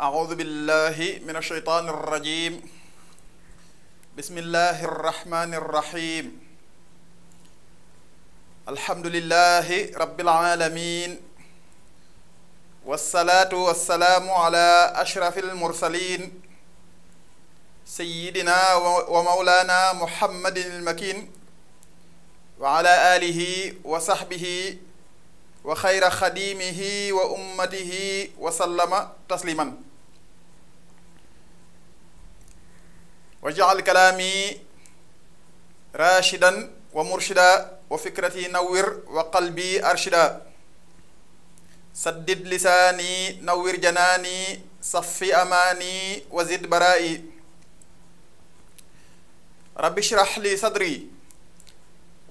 أعوذ بالله من الشيطان الرجيم بسم الله الرحمن الرحيم الحمد لله رب العالمين والصلاة والسلام على أشرف المرسلين سيدنا ومولانا محمد المكين وعلى آله وصحبه wa xayra xadimihi wa ummatihi wa sallama tasliman wa jacal kalaami raashidan wa murshida wa fikrati nawwir wa qalbi arshida saddid lisaani nawwir janaani saffi amaani wa zid baraa'i rabbi shrah li sadri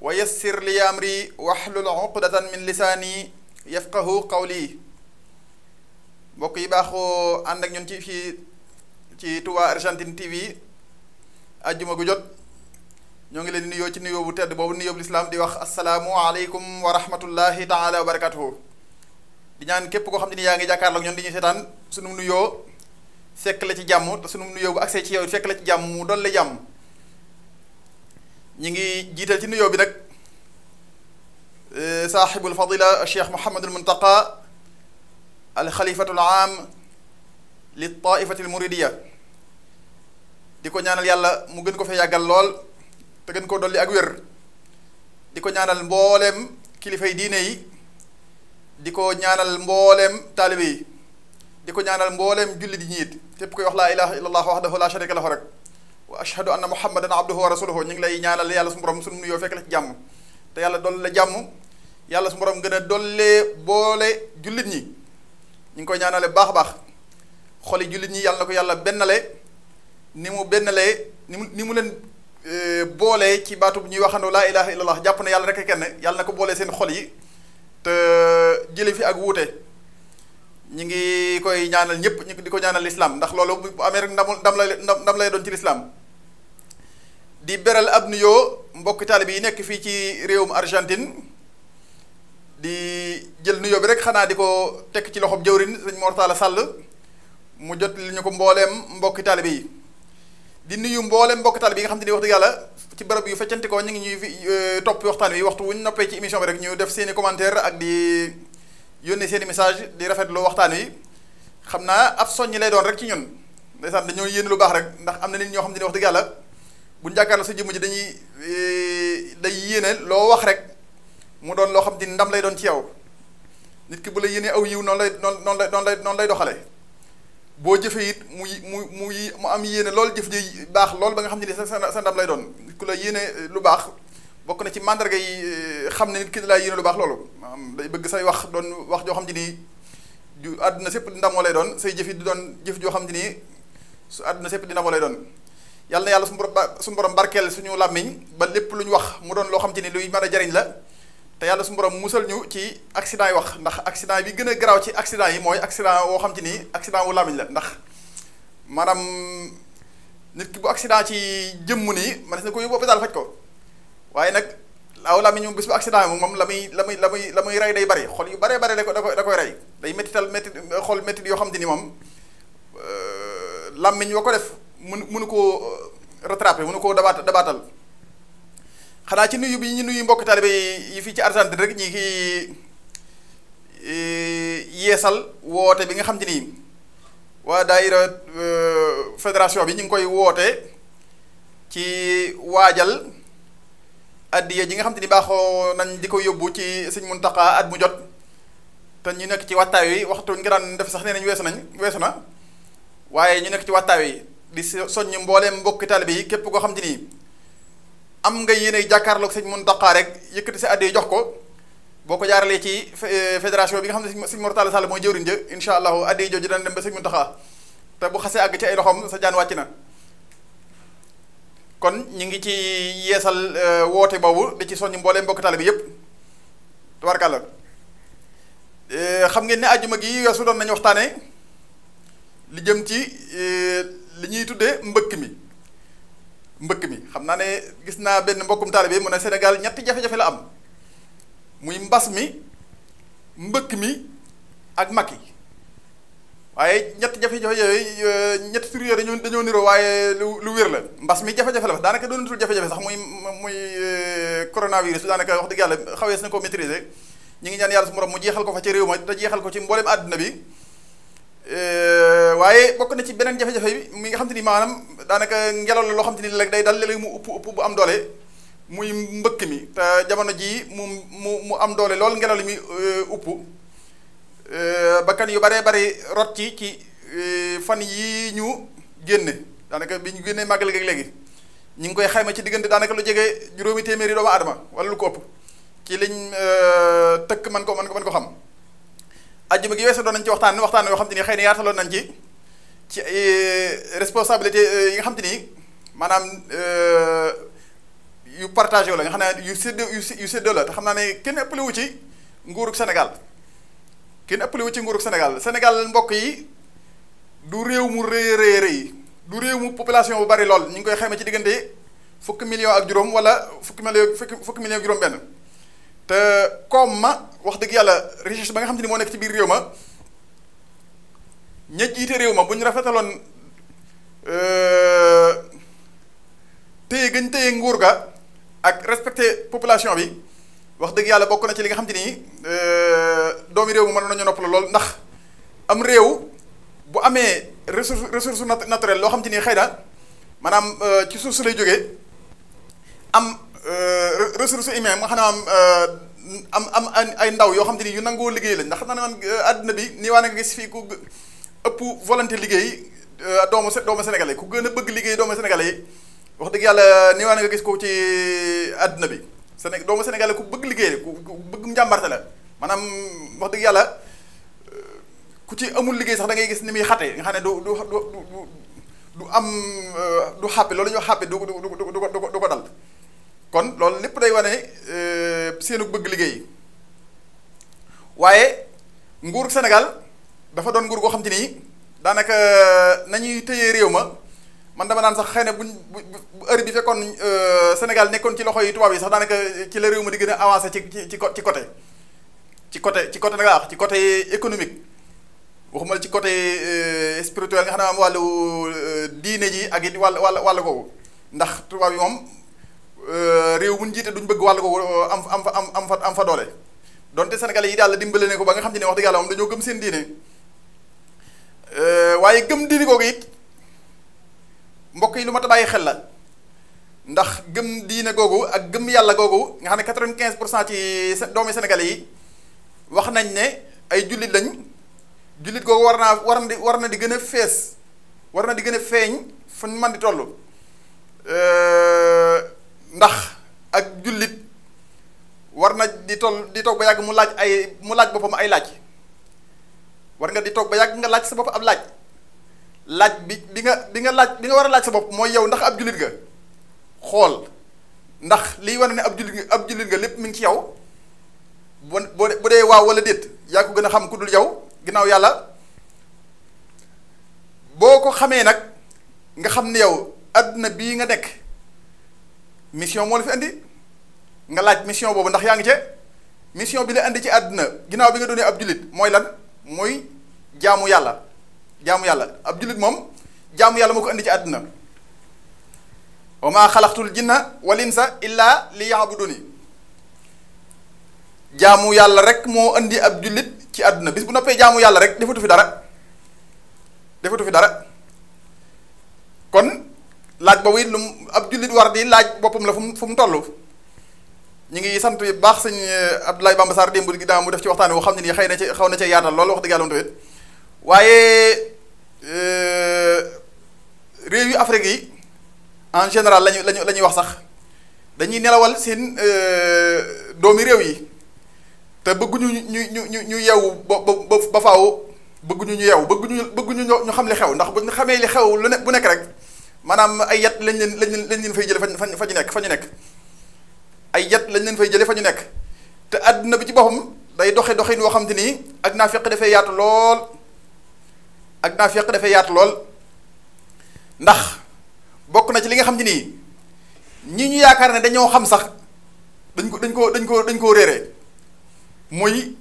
wa yassir li amri waxlul uqdatan min lisaani yafqahu qawli mbokk yi baaxoo ànd ak ñun ci fii ci Touba Argentine TV ajjuma gu jot ñoo ngi leen nuyoo ci nuyoo bu tedd boobu nuyoo bu lislaam di wax asalaamu aleykum wa rahmatullahi taala wa barakatuhu di ñaan képp koo xam ne ni yaa ngi jàkkaarloog ñun di ñu seetaan sunu nuyoo fekk la ci jàmm te sunu nuyoo bu agsee ci yow fekk la ci jàmm mu dolle jàmm ñi ngi jiital ci nuyoo bi nag eh, saaxibul fadila cheikh Mouhamadul Muntaqa al xalifatul aam li di ko ñaanal yàlla mu gën ko fee yàggal lool te gën koo dolli ak wér di ko ñaanal mboolem kilifay diine yi di ko ñaanal mboolem taalibe yi di ko ñaanal mbooleem julli di ñiit képp koy wax la ilaha illallah wahdahu la sharika lahu rek wa ashhadu anna muhammadan abduhu wa rasuluhu ñu ngi lay ñaanal yàlla su borom sunu nuyoo fekk la ci jàmm te yàlla dool la jàmm yàlla su borom gën a dollee boole jullit ñi ñu ngi koy ñaanale baax a baax xoli jullit ñi yàlla ko yàlla bennale ni mu bennalee ni mu ni mu leen e, boolee ci baatu bu ñuy waxandoo laa ilaha illallah jàpp na yàlla rek kenn yàlla ko boolee seen xol yi te jële ak wuute ñu ngi koy ñaanal ñëpp ñu di ko ñaanal lislaam ndax loolu bu amee rek ndam ndam lay ndam lay doon ci lislaam di beral ab nuyoo mbokki taalibe yi nekk fii ci réewum Argentine di jël nuyoo bi rek xanaa di ko tekk ci loxoom jëwrin sëñ Mor Talla Sall mu jot li ñu ko mbooleem mbokki taalibe yi di nuyu mbooleem mbokki taalibe yi nga xam te ni wax dëgg yàlla ci barab yu feccante ñu ngi ñuy euh, topp waxtaan wi waxtu wuñ noppee ci émission rek ñu def seen i ak di yónnee seen i message di rafetlu waxtaan wi xam naa ab soññi lay doon rek ci ñun ndeysaan dañoo yéen lu baax rek ndax am na nit ñoo xam te ni wax dëgg yàlla bu ñu jàkkaarloo sa jëmm ji dañuy eh, day yéene loo wax rek mu doon loo xam ni ndam lay doon ci yow nit ki bu la yéene aw yiw noonu lay noon noonu lay noonu lay noonu lay doxale boo jëfee it mu mu mu mu am yéene lool jëf ji baax lool ba nga xam ne sa sa ndam lay doon nit yéene eh, lu baax bokk na ci mandarga yi eh, xam ne nit ki lay yéene lu baax loolu maanaam day bëgg say wax doon wax joo xam ne nii ju àdduna di ndamoo lay doon say jëf yi di doon jëf joo xam ne nii su àdduna sépp di ndamoo lay doon. yàlla na yàlla suñu borom suñu borom barkeel suñu làmmiñ ba lépp lu ñu wax mu doon loo xam te ni luy mën a jariñ la te yàlla suñu borom musal ñu ci accident yi wax ndax accident bi gën a garaaw ci accident yi mooy accident woo xam te ni accident wu làmmiñ la ndax maanaam nit ki bu accident ci jëmm nii man na ko yóbbu hôpital faj ko waaye nag aw làmmiñ moom bis bu accident moom la muy la muy la muy la muy rey day bari xol yu baree bari da ko da koy da koy rey day méttital métti xol métti yoo xam te ni moom euh, làmmiñ wa ko def mënu mënu koo euh, rattrapé mënu koo dabaat dabaatal xanaa ci nuyu bi ñu nuyu mbokk taalibe yi fii ci Argentine rek ñi ki e, yeesal woote bi nga xam te ni waa daayira euh, fédération bi ñu ngi koy woote ci waajal addiya ji nga xam te ni baaxoo nañ di ko yóbbu ci sëñ Muntaxa at mu jot te ñu nekk ci wattaaw yi waxtu ñu ngi daan def sax nee weesu nañ weesu na waaye ñu nekk ci wattaaw yi di soññ mbooleem mbokki taalibe yi képp koo xam te ni am nga yéene jàkkaarloog sëñ Muntaxa rek yëkkati sa àddee jox ko boo ko jaaralee ci eh, fédération bi nga xam ne sëñ Mor Talla Sall mooy jëwriñ ja incha allahu àddee jooju dana dem ba sëñ Muntaxa te bu xasee àgg ci ay loxoom sa jaan wàcc na kon ñu ngi ci yeesal eh, woote boobu di ci soññ mbooleem mbokki taalibe yi yëpp tabaarkàlla eh, xam ngeen ne àjjuma gi weesu doon nañu waxtaanee li jëm ci. li ñuy tuddee mbëkk mi mbëkk mi xam naa ne gis naa benn mbokkum taalibe mu ne Sénégal ñetti jafe-jafe la am muy mbas mi mbëkk mi ak yi waaye ñetti jafe-jafe yooyu euh, ñetti tur yooyu dañoo dañoo niroo waaye lu lu wér la mbas mi jafe-jafe la wax daanaka doonatul jafe-jafe sax muy muy euh, coronavirus bi daanaka wax dëgg yàlla xawees na ko maîtriser ñu ngi ñaan yàlla su borom mu jeexal ko fa ci réew ma te jeexal ko ci mboolem àdduna bi. Euh, waaye bokk na ci beneen jafe-jafe bi mi nga xam te ni maanam daanaka ngelaw la loo xam te ni léeg day dal leen mu upp upp bu am doole muy mbëkk mi te jamono jii mu mu mu am doole lool ngelaw li muy euh, upp euh, bakkan yu baree bari rot ci ci fan yii ñu génne daanaka bi ñu génnee màggal gi léegi ñu ngi koy xayma ci diggante daanaka lu jege juróomi téeméeri doomu aadama wala lu ko ëpp ci liñ tëkk man ko man ko mën ko xam. ajjuma gi sa doon nañ ci waxtaan waxtaan yoo xam te ni xëy na nañ ci ci e, responsabilité e, yi nga xam te ni maanaam e, yu partagé la nga xam ne yu séddoo yu séddoo la te xam naa ne kenn ëppale wu ci nguurug Sénégal kenn ëppale wu ci nguurug Sénégal Sénégal mbokk yi du réew mu rëy rëy du réew mu population bu bari lool ñu ngi koy xayma ci diggante fukki million ak juróom wala fukki million fukki million juróom benn te koom ma wax dëgg yàlla richesse ba nga xam te ni moo nekk ci biir réew ma ña jiite réew ma bu ñu rafetaloon euh, téye gën téye nguur ga ak respecté population bi wax dëgg yàlla bokk na ci li nga xam te ni euh, doomi réew ma mënoon nañu noppaloo lool ndax am réew bu amee ressource ressource naturelle loo xam te ni xëy na maanaam euh, ci suuf su lay jógee am ressource humaine nga xam ne am. am am ay ndaw yoo xam ne ni yu nangoo liggéey la ndax xam naa ne man euh, àddina bi nii waa nga gis fii ku ëpp volonté liggéey euh, doomu doomu sénégalais ku gën a bëgg liggéey doomu sénégalais yi wax dëgg yàlla nii waa nga gis ko ci àddina bi Séné doomu sénégalais ku bëgg liggéey ku bëgg njàmbarte la maanaam wax dëgg yàlla euh, ku ci amul liggéey sax da ngay gis ni muy xate nga xam ne du du du du am du xàppe loolu ñu wax xàppe du du du du ko dal kon loolu lépp day wane euh, seenu bëgg liggéey waaye nguur Sénégal dafa doon nguur goo xam te ni daanaka euh, nañuy tëyee réew ma man dama naan sax xëy na buñ bu heure bi fekkoon euh, senegal nekkoon ci loxo yi tubaab yi sax daanaka ci la réew ma di gën a avancé ci ci ci côté ci côté ci côté da nga ci côté économique waxumal ci côté spirituel nga xam ne am wàllu diine ji ak it wàll wàll wàll googu ndax tubaab yi moom. Euh, réew bu ñu jiite duñ bëgg wàll ko am am fa am am fa am doole donte sénégalais yi yàlla dimbale ne ko ba nga xam ne wax dëgg yàlla moom dañoo gëm seen diine euh, waaye gëm diine googu it mbokk yi lu mat a bàyyi xel la ndax gëm diine googu ak gëm yàlla googu nga xam ne quatre-vingt-quinze pour cent ci doomi sénégalais yi wax nañ ne ay jullit lañ jullit googu war naa war na di gën a fees war na di gën a feeñ fu ñu mën di toll. Euh, ndax ak jullit war na di toll di toog ba yàgg mu laaj ay mu laaj boppam ay laaj war nga di toog ba yàgg nga laaj sa bopp ab laaj laaj bi bi nga bi nga laaj bi nga war a laaj sa bopp mooy yow ndax ab jullit nga xool ndax liy wane na ab jullit ab jullit nga lépp mi ngi ci yow boo bu dee waaw wala déet yaa ko gën a xam ku dul yow ginnaaw yàlla boo ko xamee nag nga xam ni yow àdduna bii nga nekk. mission moo la fi andi nga laaj mission boobu ndax yaa ngi ci mission bi la andi ci àdduna ginnaaw bi nga doonee ab jullit mooy lan mooy jaamu yàlla jaamu yàlla ab jullit moom jaamu yàlla moo ko andi ci àdduna wa maa xalaqtul jinna wal insa illaa li yaabuduni jaamu yàlla rek moo indi ab jullit ci àdduna bis bu noppee jaamu yàlla rek defatu fi dara defatu fi dara kon laaj boobu it lu mu ab jullit war di laaj boppam la fu mu fu mu toll ñu ngi sant bu baax sëñ eh, Abdoulaye Bamba Sarr démb gi mu def ci waxtaan woo xam ne nii xëy na ci xaw na ci yaatal loolu wax dëgg yàlla tamit eh, en général lañu lañu la wax sax dañuy nelawal seen eh, doomi réew yi te bëgguñu ñu ñu ñu ñu yeewu ba ba ba faaw bëgguñu ñu yeewu bëgguñu bëgguñu ñu ñu xam li xew ndax bu ñu xamee li xew lu ne bu nekk rek. maanaam ay yet lañ leen lañ leen lañ leen fay jële fa nekk fa ñu nekk lañ leen fay jële fa ñu nekk te àdduna bi ci boppam day doxe doxin woo xam te ak naa feq dafay yaatu lool ak naa feq dafay lool ndax bokk na ci li nga xam te nii ñu yaakaar ne dañoo xam sax dañ ko dañ ko dañ ko dañ koo réeree muy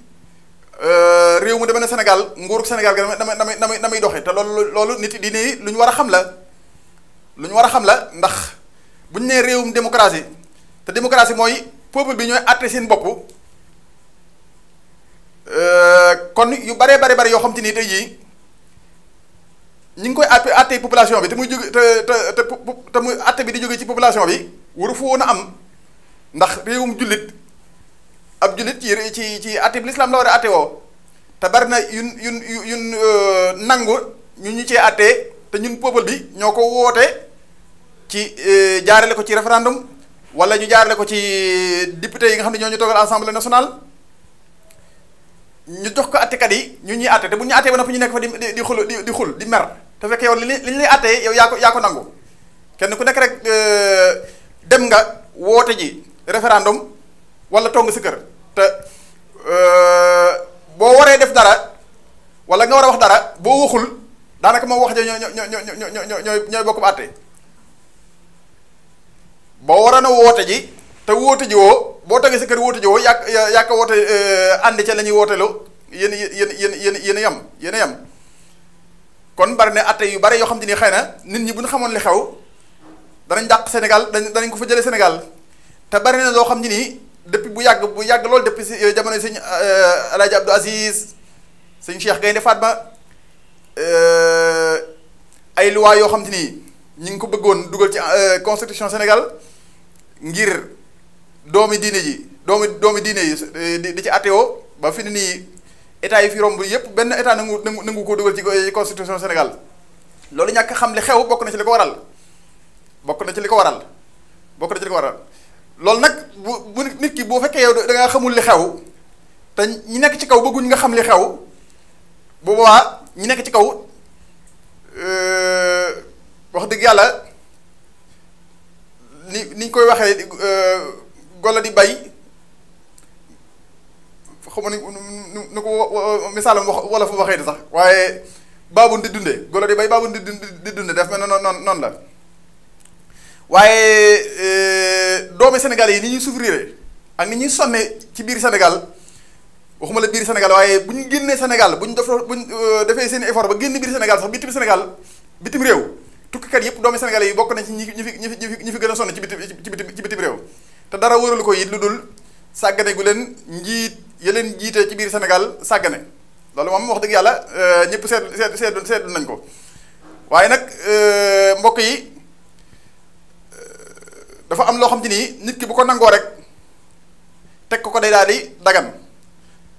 euh, réew mu demee na Sénégal nguurug Sénégal ga damay damay damay doxe te loolu loolu nit di lu ñu war a xam la lu ñu war a xam la ndax bu ñu nee réewum démocratie te démocratie mooy peuple bi ñooy àtte seen bopp euh, kon yu bare bare bare yoo xam te ni tey jii ñu ngi koy àtte àtte population bi te muy jóge te muy àtte bi di jóge ci population bi waru fa woon a am ndax réewum jullit ab jullit ci ci ci àtte bi lislaam la war a àtte woo te bari na yun yun yun euh, nangu ñu ñu cee àtte. te ñun peuple bi ñoo ko woote ci eh, jaarale ko ci référendum wala ñu jaarale ko ci eh, député yi nga xam ne ñoo ñu toogal assemblée national ñu jox ko attekat yi ñu ñuy atte te bu ñu attee ba noppi ñu nekk fa di di di xul di xul di mer te fekk yow li li ñu lay attee yow yaa ko nangu kenn ku nekk rek eh, dem nga woote ji référendum wala toog nga si kër te boo waree def dara wala nga war a wax dara boo waxul. daanaka moom wax ja ñoo ñoo ñoo ñooy ñooy bokk ba àtte boo waroon a woote ji te woote ji woo boo tegee sa kër woote ji woo yàq yàq woote eh, ànd ca la ñuy wooteloo yéen yéen yéen yéen yéen a yem kon bari na àtte yu bari yoo xam te ni xëy na nit ñi bu ñu xamoon li xew danañ dàq Sénégal danañ ko fa jëlee Sénégal te bari loo xam ne nii depuis bu yàgg bu yàgg loolu depuis si eh, jamono sëñ eh, El Hadj Abdou Aziz sëñ Cheikh Gaynde Fatma. Euh, ay loi yoo xam te ni ñu ngi ko bëggoon dugal ci euh, constitution Sénégal ngir doomi diine yi doomi doomi diine yi euh, di ci ateo ba fi ne nii état yi fi romb yépp benn état nangu nangu nangu ko dugal ci constitution Sénégal loolu ñàkk xam li xew bokk na ci li ko waral bokk na ci li ko waral bokk na ci li ko waral loolu nag bu bu nit ki boo fekkee yow da ngaa xamul li xew te ñu nekk ci kaw bëgguñ nga xam li xew boobaa. ñu nekk ci kaw euh, wax dëgg yàlla ni niñ koy waxee euh, golo di bay xaw ma ni nu ko misaalam wax wala fu waxee di sax waaye baabun di dunde golo di bay baabun di di dunde daf mel ne noonu la waaye euh, doomi Sénégal yi ni ñuy souffrir ak ni ñuy sonne ci biir Sénégal waxuma la biir waaye bu ñu génnee Sénégal bu ñu def bu ñu euh, defee seen effort ba génn biir Sénégal sax bitim Sénégal bitim réew tukkikat yëpp doomi Sénégalais yi bokk nañ ci ñi ñi fi ñi fi ñi fi gën a sonn ci bitim ci bitim réew te dara wëralu ko it lu dul sàggane gu leen njiit ya leen jiite ci biir Sénégal sàggane loolu moom wax dëgg yàlla euh, ñëpp seetlu seet seetlu seetlu nañ ko waaye nag euh, mbokk yi dafa am loo xam ci nii nit ki bu ko nangoo rek teg ko ko day daal di dagan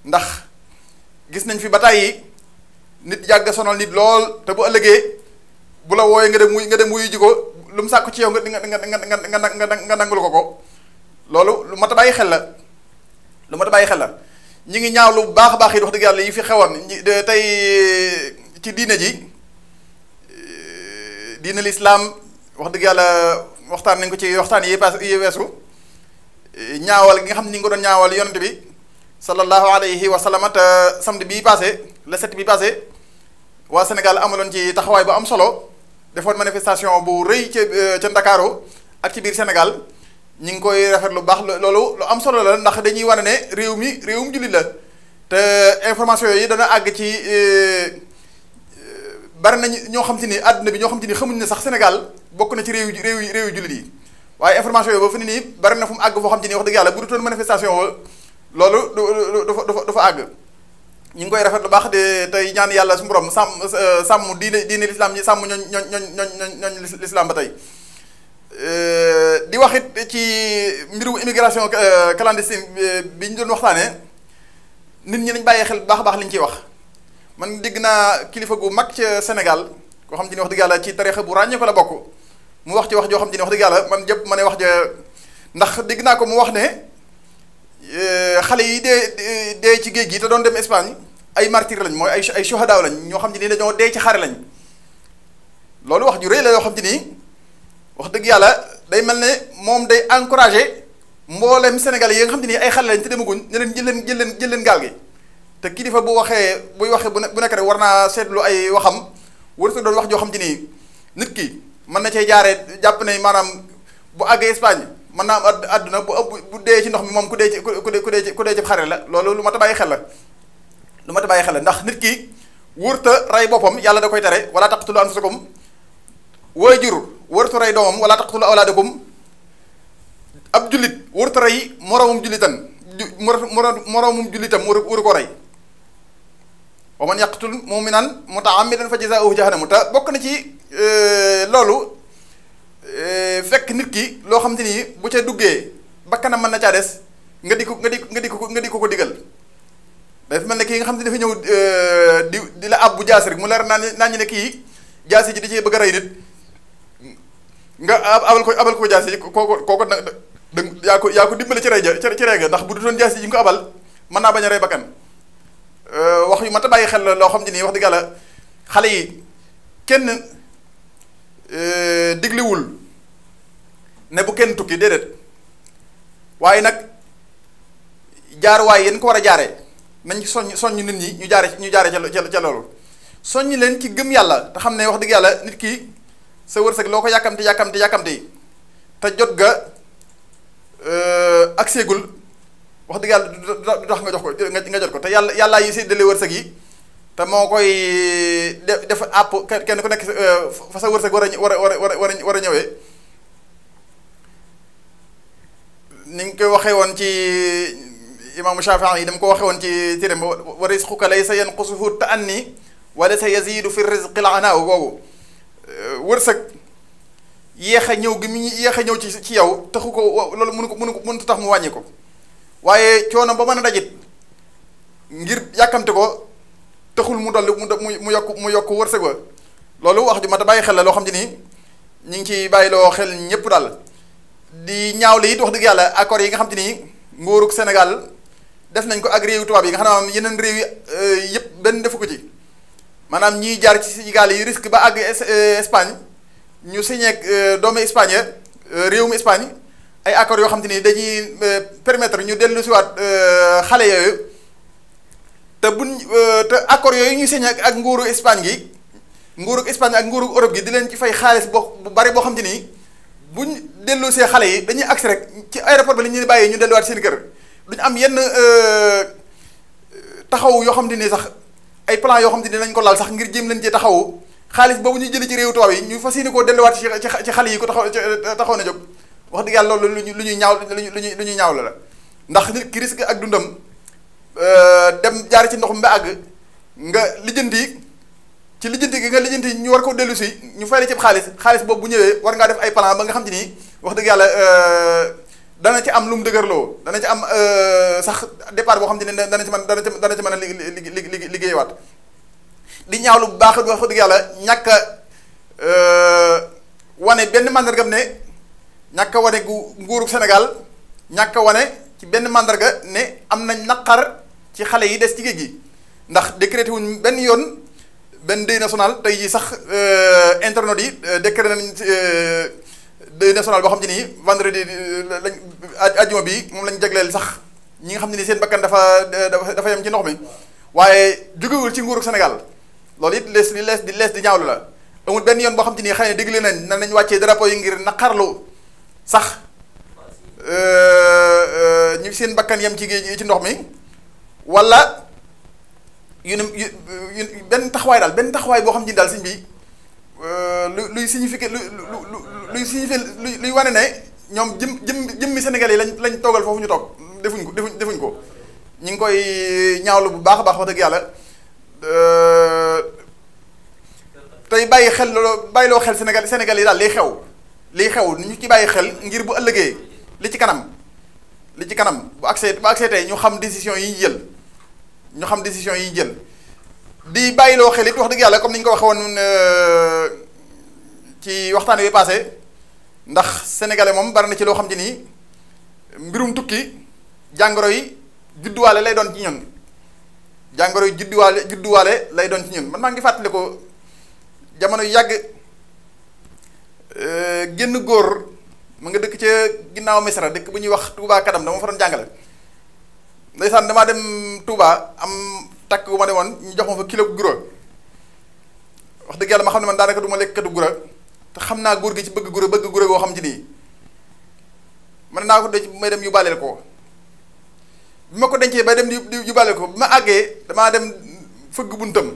ndax gis nañ fi ba tàyyi nit yàgg sonal nit lool te bu ëllëgee bu la wooyee nga dem wuy nga dem wuyu ji ko lu mu sàkk ci yow nga nga nga nga nga nga nangul ko ko loolu lu mat a bàyyi xel la lu mat a bàyyi xel la ñu ngi ñaaw lu baax a baax yi wax dëgg yàlla yi fi xewoon tey eh, ci diine ji eh, diine lislaam wax dëgg yàlla waxtaan nañ ko ci waxtaan yi paas yi weesu eh, ñaawal gi nga xam ni ñu ngi ko doon ñaawal yonent bi sallallahu alayhi wa sallam te samedi bii passé le sept bi passé waa Sénégal amaloon ci taxawaay bu am solo defoon manifestation bu rëy ca euh, ca Ndakaaru ak ci biir Sénégal ñu ngi koy rafet lu baax loolu lu am solo la ndax dañuy wane ne réew mi réewum jullit la te information yooyu dana àgg ci euh, euh, bari nañ ñoo xam te ni àdduna bi ñoo xam te ni xamuñ ne sax Sénégal bokk na ci réew réew réewu jullit yi waaye information yooyu ba fi ni nii bari na àgg foo xam te ni loolu dafa dafa dafa àgg ñu ngi koy rafet lu baax de tey ñaan yàlla suñu borom sàmm euh, sàmm diine diine lislaam ñi sàmm ñooñ ñooñ ñooñ ñooñ ñooñ lislaam ba tey euh, di wax it ci mbirum immigration euh, clandestine bi ñu doon waxtaanee nit ñi nañ bàyyi xel bu baax baax li ñu wax man dégg naa kilifa gu mag ca senegal koo xam ne wax dëgg yàlla ci tarixa bu ràññee ko la bokk mu wax ci wax joo xam ne wax dëgg yàlla man jëpp ma ne wax ja ndax dégg naa ko mu wax ne. Euh, xale yi dee dee ci géej gi te doon dem Espagne ay martyr lañ mooy ay ay shuhadaa lañ ñoo xam ne nii dañoo dee ci xare lañ loolu wax ju rëy la yoo xam ne nii wax dëgg yàlla day mel ne moom day encouragé mboolem sénégalais yi nga xam ne nii ay xale lañ te demaguñ ne leen jël leen jël leen jël leen gaal gi te kilifa bu waxee buy waxee bu nekk rek war naa seetlu ay waxam war warut doon wax joo xam ne nii nit ki mën na cee jaare jàpp ne maanaam bu àggee Espagne. mën naa am àdduna bu bu dee ci ndox mi moom ku dee ci ku dee ku dee ci ku dee ci xare la loolu lu ma ta bàyyi xel lu ma ta bàyyi ndax nit ki wërta rey boppam yàlla da koy tere wala taqtulu anfusakum wooy jur wërta rey doomam wala taqtulu awlaadakum ab jullit wërta rey moroomum jullitan moroomum jullitam wëru ko rey wa man yaqtul muminan mutaamidan fa jazaa'uhu jahannamu te bokk na ci euh, loolu Euh, fekk nit ki loo xam te ni bu ca duggee bakkanam mën na caa des nga di ko nga di nga di ko nga di ko ko digal dafa mel ne kii nga xam ne dafa ñëw euh, di di la ab bu jaas rek mu leer naa naa ñu ne kii jaas ji da bëgg a rey nit nga abal ko abal ko jaas yi kooko kooko da yaa ko yaa ko dimbale ci ja ci rey ga ndax bu du doon jaas yi nga abal mën naa bañ a rey bakkan euh, wax yu ma ta bàyyi xel loo xam te ni wax dëgg yàlla xale yi kenn. Euh, digliwul ne bu kenn tukki déedéet waaye nag jaaruwaay yéen ko war a jaaree nañ ci soññ soññ nit ñi ñu jaare ñu jaare ca ca loolu soññ leen ci gëm yàlla te xam ne wax dëgg yàlla nit ki sa wërsëg loo ko yàkkamti yàkkamti yàkkamti te jot ga euh, ak séegul wax dëgg yàlla du tax nga jox ko nga jot ko te yàlla yàllaa yi séddale wërsëg yi te moo koy def àpp kenn ku nekk euh, fa sa wërsëg war a war a war a war a ñëwee ni koy waxee woon ci imaamu Shafii yi dama ko waxee woon ci tiram wa risquka laysa yanqusuhu ta'anni wa laysa yazidu fi rizqi al-anaa googu euh, wërsëg yéex a ñëw gi mu yéex ñëw ci ci yow taxu ko loolu mënu ko mënu ko mënut tax mu wàññi ko waaye coono ba mën a dajit ngir yàkkamte ko. taxul mu dolli mu mu yokk mu yokk wërsëg wa loolu wax ju mat bàyyi xel la loo xam ne nii ñu ngi ciy bàyyiloo xel ñëpp daal di ñaaw la it wax dëgg yàlla accords yi nga xam te ni nguurug Sénégal def nañ ko ak réew tubaab yi nga xam ne yeneen réew yi euh, yëpp benn defu ko ci maanaam ñiy jaar ci Sénégal yi risque ba àgg euh, Espagne ñu signé ak euh, doomu Espagne réewum Espagne ay accords yoo xam te ni dañuy permettre ñu dellusiwaat xale yooyu. te buñ euh, te accord yooyu ñuy signé ak nguuru Espagne gi nguuru Espagne ak nguuru Europe gi di leen ci fay xaalis boo bu bari boo xam te ni buñ dellu see xale yi dañuy agsi rek ci aéroport bi la ñuy bàyyee ñu delluwaat seen kër duñ am yenn euh, taxaw yoo xam te ni sax ay plan yoo xam te ni nañ ko laal sax ngir jéem leen ci taxawu xaalis boobu ñu jëlee ci réew tubaab yi ñu fa yéene koo delluwaat ci xale yi ko taxaw taxaw na jóg wax dëgg yàlla loolu lu ñuy ñaaw lu ñuy lu ñuy ñaaw la ndax nit ki risque ak dundam. Euh, dem jaar ci ndoxum mi àgg nga lijjanti ci lijjanti gi nga lijjanti ñu war ko dellu si ñu fay la ci xaalis xaalis boobu bu ñëwee war ngaa def ay plan ba nga xam ci nii wax dëgg yàlla euh, dana ci am lu mu dëgërloo dana ci am euh, sax départ boo xam te ne dana ci mën dana ci dana ci mën a liggéey liggéeyaat di ñaawlu bu baax wax dëgg yàlla ñàkk wane benn mandargam ne ñàkk wane gu nguurug senegal ñàkk wane ci benn màndarga ne am nañ naqar. ci xale yi des ci géej gi ndax décrété wuñ benn yoon benn deuil national tey jii sax euh, internautes yi euh, décrété nañ euh, deuil national boo xam ci nii vendredi lañ ajjuma bi moom lañ jagleel sax ñi nga xam ne ni seen bakkan dafa dafa yem ci ndox mi waaye jógewul ci nguuru Sénégal loolu it lees di lees di lees di ñaawlu la amul benn yoon boo xam ci nii xëy na dégle na nan nañ wàccee drapeau yi ngir naqarlu sax ñu seen bakkan yem ci géej ci ndox mi wala yu ne yu benn taxawaay daal benn taxawaay boo xam ne daal siñ bi euh, lu luy signifié lu lu luy signifié luy wane na ñoom jëm jëm jëmmi Sénégal yi lañ lañ toogal foofu ñu toog defuñ ko defuñ defuñ ko ñu ngi koy ñaawlu bu baax a baax wax dëgg yàlla euh, tey bàyyi xel loo bàyyi loo xel Sénégal Sénégal yi daal liy xew liy xew ni ñu ci bàyyi xel ngir bu ëllëgee li ci kanam li ci kanam bu accès bu accès tey ñu xam décision yi ñu jël. ñu xam décision yi jël di bàyyiloo xel wax dëgg yàlla comme ni ñu ko waxee woon euh, ci waxtaan wi passé ndax sénégalais moom bari na ci loo xam ci nii mbirum tukki jàngoro yi judduwaale lay doon ci ñun jàngoro yi judduwaale judduwaale lay doon ci ñun man maa ngi fàttali ko jamono yu yàgg euh, génn góor mu nga dëkk ca ginnaaw Misra dëkk bu ñuy wax Touba Kadam dama fa doon jàngale. ndeysaan damaa dem tuuba am takk wu ma woon ñu jox ma fa kilo gura wax dëgg yàlla ma xam ne man daanaka du ma lekkatu gura te xam naa góor gi ci bëgg gura bëgg gura goo xam ci nii man naa ko denc bu may dem yóbbaaleel ko bi ma ko dencee bay dem di yóbbaaleel ko bi ma àggee damaa dem fëgg buntam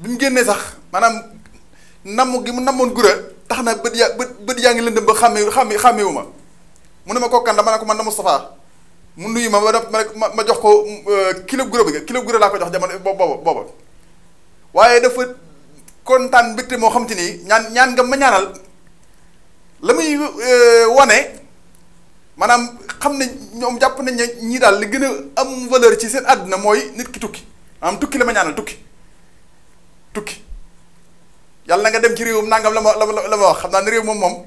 bi mu génnee sax maanaam namm gi mu namoon gura tax na bët ya bët bët yaa ngi lëndëm ba xàmme xàmme xàmmewu ma mu ne ma kookan dama ne ko man na Moustapha mu nuyu ma ma ma jox ko euh, kilo guro bi kilo guro laa ko jox jamono booba booba waaye dafa kontaan mbégte moo xam te ni ñaan ñaan nga ma ñaanal la muy euh, wane maanaam xam ne ñoom jàpp nañ ne ñii daal li gën a am valeur ci seen àdduna mooy nit ki tukki maanaam tukki la ma ñaanal tukki tukki yàlla na nga dem ci réewum nangam la ma la ma la ma wax xam naa ne réew moom moom.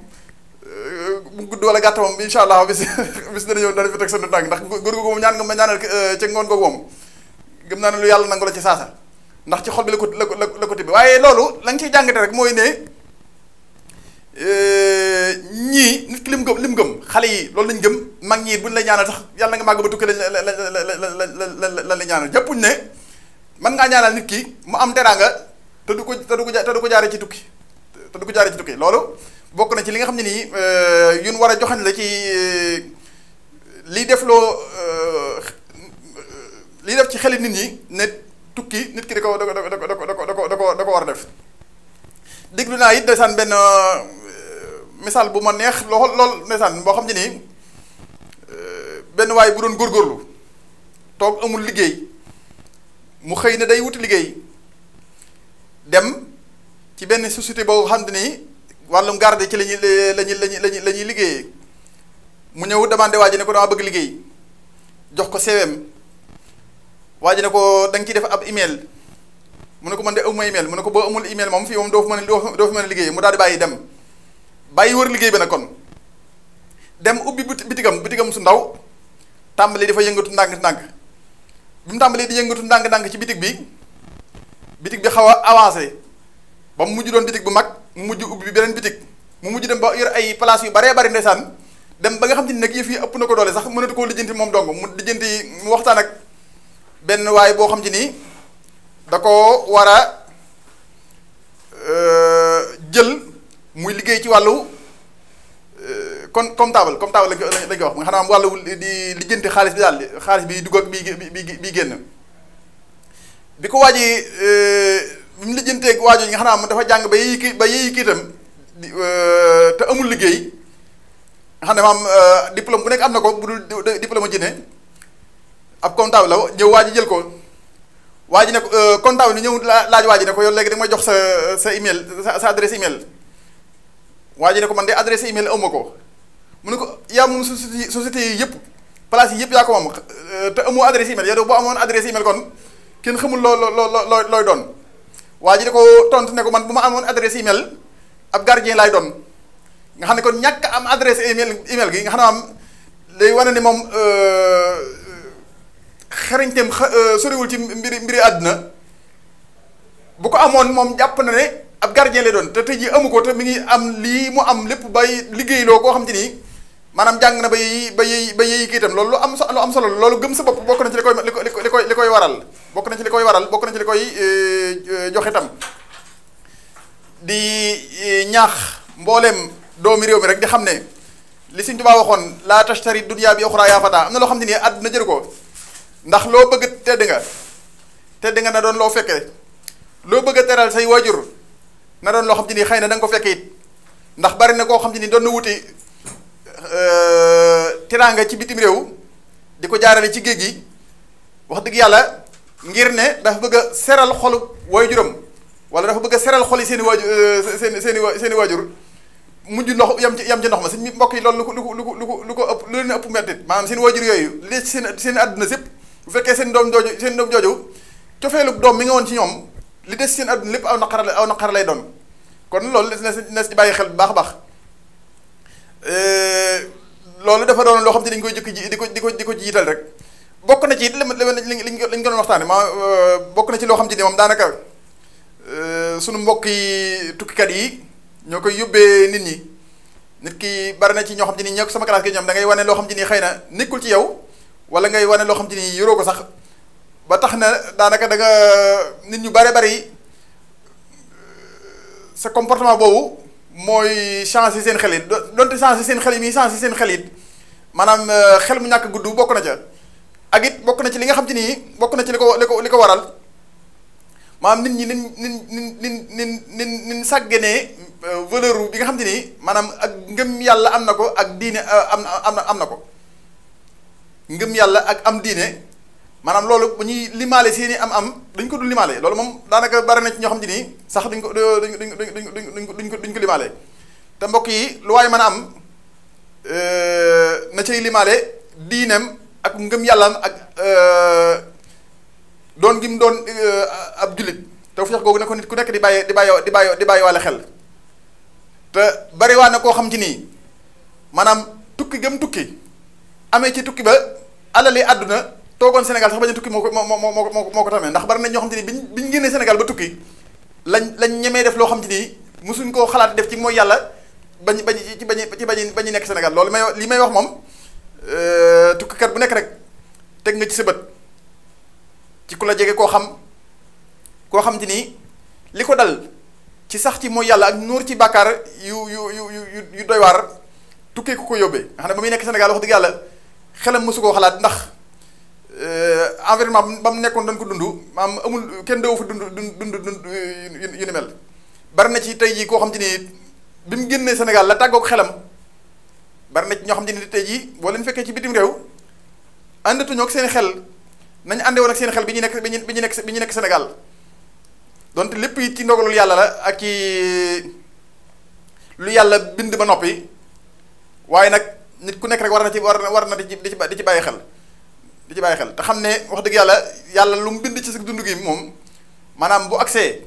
mu gudd wala gàtt moom incha allah bis bis dana ñëw dana fi teg seen tànk ndax googu moom ñaan nga ma ñaanal ci ngoon googu moom gëm naa ne lu yàlla nangu la ci saasa ndax ci xol bi la ko la ko la ko tibbi waaye loolu la nga ciy jàngate rek mooy ne ñii nit ki lim gëm lim gëm yi loolu lañ gëm mag ñii buñ la ñaanal sax yàlla nga màgg ba tukki lañ la la la la la ñaanal jàppuñ ne mën ngaa ñaanal nit ki mu am teraanga te du ko te du ko ja te du ko jaaree ci tukki te du ko jaaree ci tukki loolu bokk na ci li nga xam ne nii euh, yun war a joxañ la ci euh, liy def loo euh, liy def ci xeli nit ñi ne tukki nit ki da ko da ko da ko da ko da ko da ko da ko war a def déglu naa it ndeysaan benn misaal bu ma neex lool lool ndeysaan boo xam ne nii benn waay bu doon góorgóorlu toog amul liggéey mu xëy ne day wuti liggéey dem ci benn société boo xam ne nii wàllum garde ci la ñuy la ñuy la ñuy la ñuy liggéeyee mu ñëw demandé waa ji ne ko dama bëgg liggéey jox ko CVM waa ne ko da nga ciy def ab email mu ne ko man de amuma email mu ne ko boo amul email moom fii moom doo fi mën a doo liggéey mu daal di bàyyi dem bàyyi wër liggéey bi nag kon dem ubbi bitigam bitigam su ndaw tàmbali dafa yëngatu ndànk-ndànk bi mu tàmbali di yëngatu ndànk-ndànk ci bitig bi bitig bi xaw a avancé ba mu mujj doon bitig bu mag. mu mujj ubbi beneen bitik mu mujj dem ba yor ay place yu baree bari ndeysaan dem ba nga xam te ni nag yi yi ëpp na ko doole sax mënatu koo lijjanti moom dong mu lijjanti mu waxtaan ak benn waay boo xam ci nii da ko war a euh, jël muy liggéey ci wàllu kon euh, comptable comptable lañ ko lañ ko wax nga xam ne wàllu di mu lijjanteeg waajo yi nga xam ne dafa jàng ba yeeyi kii ba yeeyi kii itam euh, te amul liggéey nga xam ne maam euh, diplôme bu nekk am na ko bu dul diplôme ji ne ab comptable la ñëw waa ji jël ko waa ji ne ko euh, comptable ni laaj waa ji ne ko yow léegi da jox sa sa email sa sa adresse email waa ji ne ko man de adresse email amu ko mu ne ko yaa moom société société yi yëpp place yi yëpp yaa ko moom te amoo adresse email yow boo amoon adresse email kon kenn xamul loo loo loo looy doon. waa ji da ko tontu ne ko man bu ma amoon adresse email ab gardien laay doon nga xam ne kon ñàkk am adresse email email gi nga xam ne wane ne moom euh, xarañteem euh, soriwul ci mbiri mbiri àdduna bu ko amoon moom jàpp na ne ab gardien doon te tey jii amu ko mi ngi am lii mu am lépp bay liggéeyloo koo xam te nii maanaam jàng na ba yey ba yey ba yey kayitam loolu lu am lu am solo loolu gëm sa bopp bokk na ci li koy li koy li koy waral bokk na ci li koy waral bokk na ci li koy eh, eh, joxe itam di eh, ñaax mbooleem doomi réew mi rek di xam ne li Sëñ Tuubaa waxoon laa tashtari dunya bi uxraa yaa taa am na loo xam ne nii àdduna jëru ko ndax loo bëgg tedd nga tedd nga na doon loo fekke loo bëgg a teral say waajur na doon loo xam ne nii xëy na da ko fekke it ndax bari na koo xam ne nii doon na wuti. Euh, teraanga ci bitim réew di ko jaarale ci géej gi wax dëgg yàlla ngir ne dafa bëgg a seral xolu waajuram wala dafa bëgg a seral xoli seen i waajur euh, seen seen i seen i waajur mujj ndox yam ci yam ci ndox ma suñ mbokk yi loolu lu ko lu ko lu ko lu ko ëpp lu leen ëpp mettit maanaam seen waajur yooyu li seen seen àdduna sépp bu fekkee seen doom jooju seen doom jooju cofeelu doom mi nga woon ci ñoom li des seen àdduna lépp aw naqara aw naqara lay doon kon lool loolu na si bàyyi xel bu baax a Euh, loolu dafa doon loo xam te dañ koy jëkk ji di ko di ko di ko jiital rek bokk na ci it li li li ñu ko doon waxtaane ma euh, bokk na ci loo xam te ni euh, sunu mbokk yi tukkikat yi ñoo koy yóbbee nit ñi nit ki bari na ci ñoo xam ni ñoo sama classe gi ñoom da wane loo ni xëy na nekkul ci yow wala ngay wane loo xam te ni yoroo ko sax ba tax na daanaka da nga nit ñu bare bari sa comportement boobu mooy changer seen xel it donte changer seen xel mii muy changer seen xel it maanaam euh, xel mu ñàkk gudd bokk na ca ak it bokk na ci li nga xam te ni bokk na ci li ko li ko li ko waral maanaam nit ñi nin nin nin nin nin nin sàgganee euh, valeur bi nga xam te ni maanaam ak ngëm yàlla am na ko ak diine euh, am am na am na ko ngëm yàlla ak am diine. maanaam loolu bu ñuy limaale seen i am-am dañ ko dul limaale loolu moom daanaka bari na ci ñoo xam ci nii sax duñ ko duñ duñ duñ duñ duñ ko limaale te mbokk yi lu waaye mën a am euh, na cay limaale diineem ak ngëm yàllaam ak euh, doon gi mu doon euh, ab jullit te feex googu ne ko nit ku nekk di bàyyi di bàyyi di bàyyi di bàyyi wàlle xel te bari na koo xam ci nii maanaam tukki gëm tukki amee ci tukki ba alali àdduna toogoon Sénégal sax bañ a tukki moo ko moo moo moo moo ko tamee ndax bari nañ ñoo xam te ni biñ biñ génnee Sénégal ba tukki lañ lañ ñemee def loo xam te ni mosuñ koo xalaat def ci mooy yàlla bañ bañ ci bañ ci bañ bañ nekk Sénégal loolu may li may wax moom euh, bu nekk rek teg nga ci sa bët ci ku la jege koo xam koo xam te ni li ko dal ci sax ci mooy yàlla ak nuur ci bàkkaar yu yu yu yu doy waar ku ko yóbbee nga xam ne ba muy nekk Sénégal wax dëgg yàlla xelam mosu koo xalaat ndax. environnement ba mu nekkoon dañ ko dund maam amul kenn doo fa dund dund dund euh, yu ni mel bari na ci tey jii koo xam ci ni bi mu génnee Sénégal la tàggoog xelam bari na ci ñoo xam ci ni tey jii boo leen fekkee ci bitim réew àndatuñoo ak seen xel nañu àndewoon ak seen xel bi ñu nekk bi ñu bi ñu nekk bi ñu nekk Sénégal donte lépp it ci ndogalul yàlla la ak ci lu yàlla bind ba noppi waaye nag nit ku nekk rek war na ci war na war di ci di ci bàyyi xel. di ci bàyyi xel te xam ne wax dëgg yàlla yàlla lu mu bind ci sa dund gi moom maanaam bu accès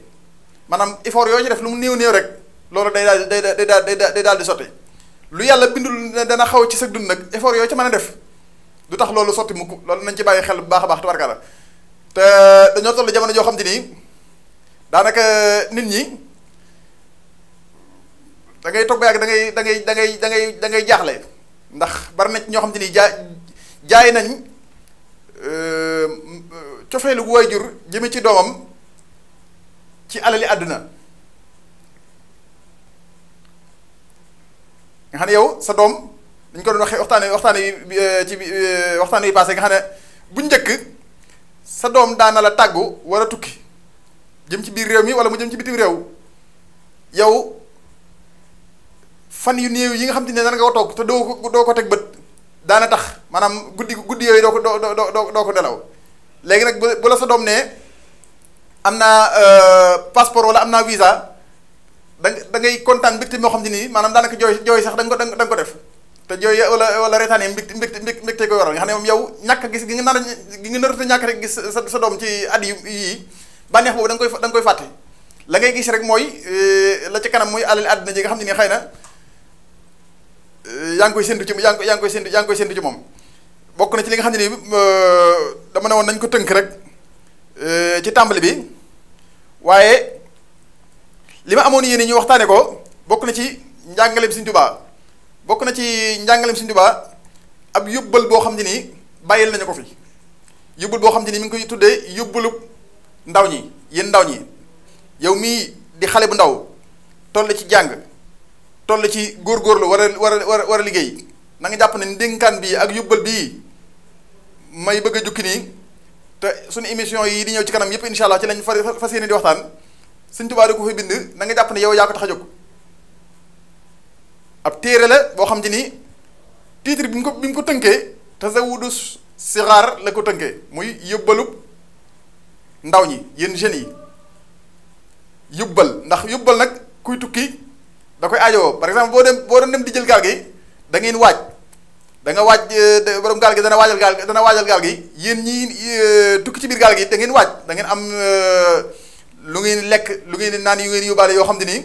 maanaam effort yooyu ci def lu mu néew néew rek loolu day daal day day daal day daal di sotti lu yàlla bindul dana xaw ci sa dund nag effort yooyu ci mën a def du tax loolu sotti mukk loolu nañ ci bàyyi xel bu baax a baax tabarkaala te dañoo toll jamono joo xam te nii daanaka nit ñi da ngay toog ba yàgg da ngay dangay dangay da ngay da jaaxle ndax bari na ci ñoo xam te nii jaa jaay nañ. Euh, cofeelu gu waajur jëme ci doomam ci alali àdduna nga xam ne yow sa doom dañ ko doon waxee waxtaan waxtaane yi euh, ci yi euh, passé nga xam ne bu njëkk sa doom daana la tàggu war a tukki jëm ci biir réew mi wala mu jëm ci bitim réew yow fan yu néew yi nga xam te ne nan nga toog te doo ko doo ko teg bët daana tax maanaam guddi guddi yooyu doo ko doo doo doo ko delaw léegi nag bu la sa doom ne am naa euh, passeport wala am naa visa da da ngay kontaan mbégte moo xam te ni maanaam daanaka jooy jooy sax da nga ko da nga ko def te jooy wala wala reetaan yi mbégte mbégte ne moom yow ñàkk gis gi nga nar gi nga narut a ñàkk rek gis sa sa doom ci at yi yii bànneex boobu da koy da fàtte la ngay gis rek mooy euh, la ci kanam muy alal àddina ji nga xam ne ni xay na yaa ngi koy séntu ci yaa ngi koy yaa ngi moom bokk na ci li nga xam ne ni euh, dama ne woon nañ ko tënk rek euh, ci tàmbali bi waaye li ma amoon yéene ñu waxtaane ko bokk na ci njàngaleem Sëriñ Tuubaa bokk na ci njàngaleem Sëriñ Tuubaa ab yóbbal boo xam ne nii bàyyil nañu ko fi yóbbal boo xam ne nii mi ngi koy tuddee yóbbalu ndaw ñi yéen ndaw ñi yow mii di xale bu ndaw toll ci jàng. toll ci góorgóorlu war a war a war a liggéey na nga jàpp ne ndénkaan bii ak yóbbal bii may bëgg a jukki nii te suñu émission yi di ñëw ci kanam yëpp incha allah ci lañ fas yéene di waxtaan Sëñ Tuubaa di ko fa bind na nga jàpp ne yow yaa ko tax a jóg ab téere la boo xam ni titre bi mu ko bi mu ko tënkee tazawudu sixaar la ko tënkee muy yóbbalub ndaw ñi yéen jeunes yi yóbbal ndax yóbbal nag kuy tukki. da koy aajowoo par exemple boo dem boo doon dem di jël gaal gi da ngeen waaj da nga waaj euh, borom gaal gi dana waajal gaal dana waajal gaal gi yéen ñii euh, tukki ci biir gaal gi da ngeen waaj da ngeen am euh, lu ngeen lekk lu ngeen naan yu ngeen yóbbaale yoo xam ne nii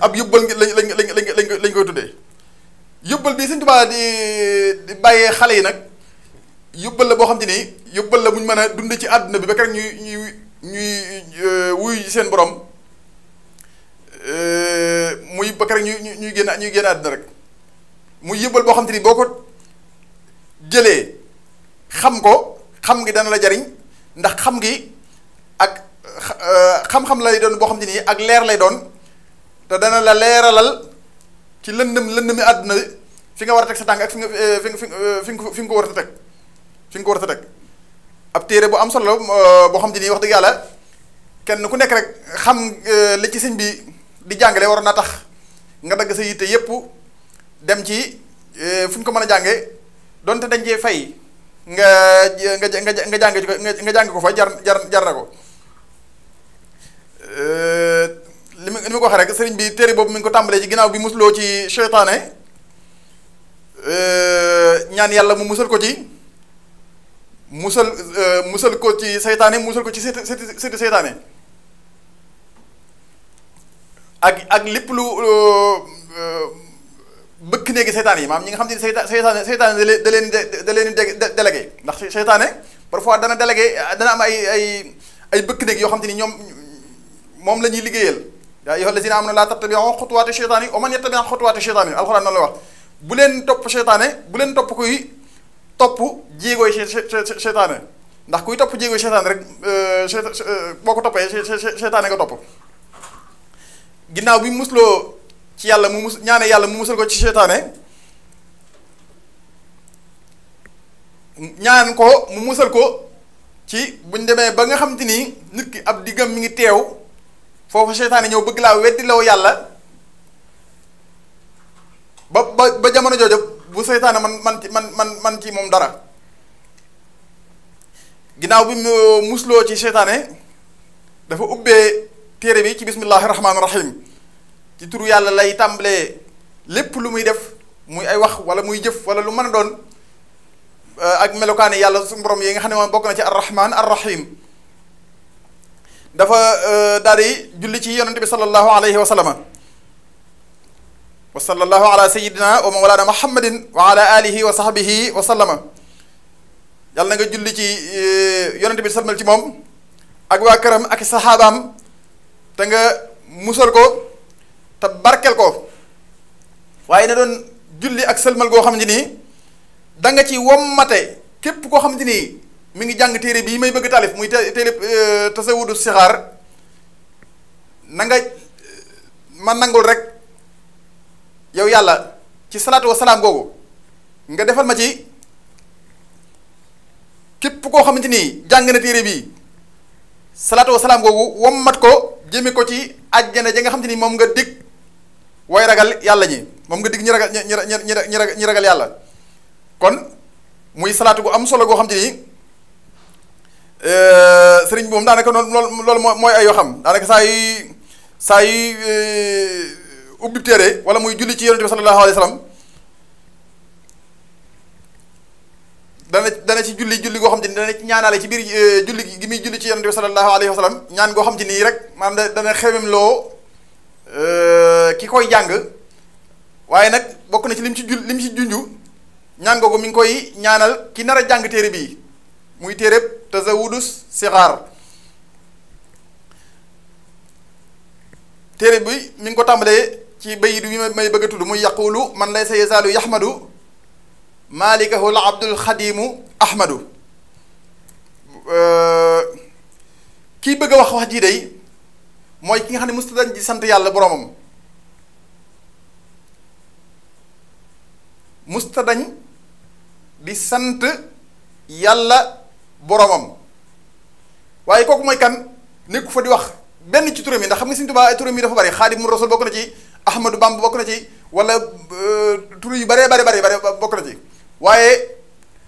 ab yóbbal lañ lañ lañ lañ koy tuddee yóbbal bi Sëñ Tuubaa di di bàyyee xale yi nag yóbbal la boo xam ne nii yóbbal la bu ñu mën a dund ci àdduna bi ba keroog ñuy ñuy ñuy wuy seen borom. Euh, muy ba keroog ñu ñuy génn ñuy génn àddina rek muy yëbbal boo xam te ni boo ko jëlee xam ko xam ngi dana la jariñ ndax xam gi ak euh, xam-xam lay doon boo xam te nii ak leer lay doon te dana la leeralal ci lëndëm lëndëmi àdduna fi nga war a teg sa tànk ak fi nga euh, fi nga fi nga ko war a teg fi nga ko war a teg ab téere boo am solo boo xam te ni wax dëgg yàlla kenn ku nekk rek xam li ci sëñ bi. di jàngale waroon na tax nga dagg sa yitte yépp dem ci eh, fu ñu ko mën a jàngee donte dañ cee fay nga nga nga jàng ci ko nga jàng ko fa jar jar jar na ko eh, li mu li mu ko waxee rek sëriñ bi téere boobu mi ngi ko tàmbalee ci ginnaaw bi musloo ci seytaane eh, ñaan yàlla mu musal ko ci musal musal ko ci seytaane musal ko ci seytaane ak ak lépp lu euh, bëkk néegi seytaan yi maam ñi nga xam te ni seytaan seytaan seytaan da leen da leen da leen délégué ndax seytaane parfois dana délégué dana am ay ay ay bëkk néeg yoo xam te ni ñoom moom la ñuy liggéeyal yaa ayyuha allazina amanu laa tattabi'u xutuwaati seytaan yi wa man yattabi' xutuwaati seytaan yi alxuraan noonu la wax bu leen topp seytaane bu leen topp kuy topp jéegooy seytaane ndax kuy topp jéegooy seytaane rek euh, boo ko toppee seytaane nga topp ginnaaw bi mu ci yàlla mu mus ñaane yàlla mu musal ko ci seytaane ñaan ko mu musal ko ci buñ demee ba nga xam te ni nit ki ab diggam mu ngi teew foofu seytaane ñëw bëgg laa weddi law yàlla ba ba ba jamono jooju bu seytaane man man ci man man man ci moom dara ginnaaw bi mu musloo ci seytaane dafa ubbee téere bi ci bismillahi rahmaani rahim ci turu yàlla lay tàmbalee lépp lu muy def muy ay wax wala muy jëf wala lu mën a doon euh, ak melokaani yàlla suñu borom yi nga xam ne moom bokk na ci arrahman arrahim dafa euh, daal di julli ci yonente bi sallallahu alayhi wa sallama wa sallallahu ala sayidina wa nga julli ci euh, yonente bi salmal ci moom ak waa këram ak saxaabaam danga nga musal ko te barkel ko waaye na doon julli ak sëlmal goo xam ni nii da nga ci wommate képp koo xam ni nii mi ngi jàng téere bii may bëgg taalif muy téere euh, tasawudu sixaar na nga ma nangul rek yow yàlla ci salaato wa salaam googu nga defal ma ci képp koo xamante ni jàng na téere bii salaatu wa salaam googu wommat ko jëme ko ci àjjana ja nga xam te ni moom nga dig waaye ragal yàlla ñi moom nga dig ñi ragal ñi ragal ñi ragal yàlla kon muy salaatu gu am solo goo xam te ni euh, sëriñ bi moom daanaka noonu lool loolu mooy ay yoo xam daanaka saa yu saa yu euh, ubbi téere wala muy julli ci yonent bi sallallahu alayhi wa sallam dana dana ci julli julli goo xam te ni dana ci ñaanaale ci biir euh, julli gi muy julli ci yonent bi sallallahu alayhi ñaan goo xam te nii rek maanaam dana xewem loo euh, ki koy jàng waaye nag bokk na ci lim ci jul lim ci junju ñàngoo ko mi ngi koy ñaanal ki nar a jàng téere bii muy téereb tasawudus sixaar téere bi mu ngi ko tàmbalee ci bayit bi may bëgg a tudd muy yaqulu man lay sa yazaalu yaxmadu maalikahul abdul xadimu ahmadu euh, kii bëgg a wax wax jii day mooy ki nga xam ne musta dañ di sant yàlla boromam musta dañ di sant yàlla boromam waaye kooku mooy kan nekku fa di wax benn ci turam ndax xam nga Sëriñ Tuubaa ay turam yi dafa bari Xaadimu Rasuul bokk na ci Ahmadu Bamba bokk na ci wala euh, tur yu bare bari bari bari bokk na ci waaye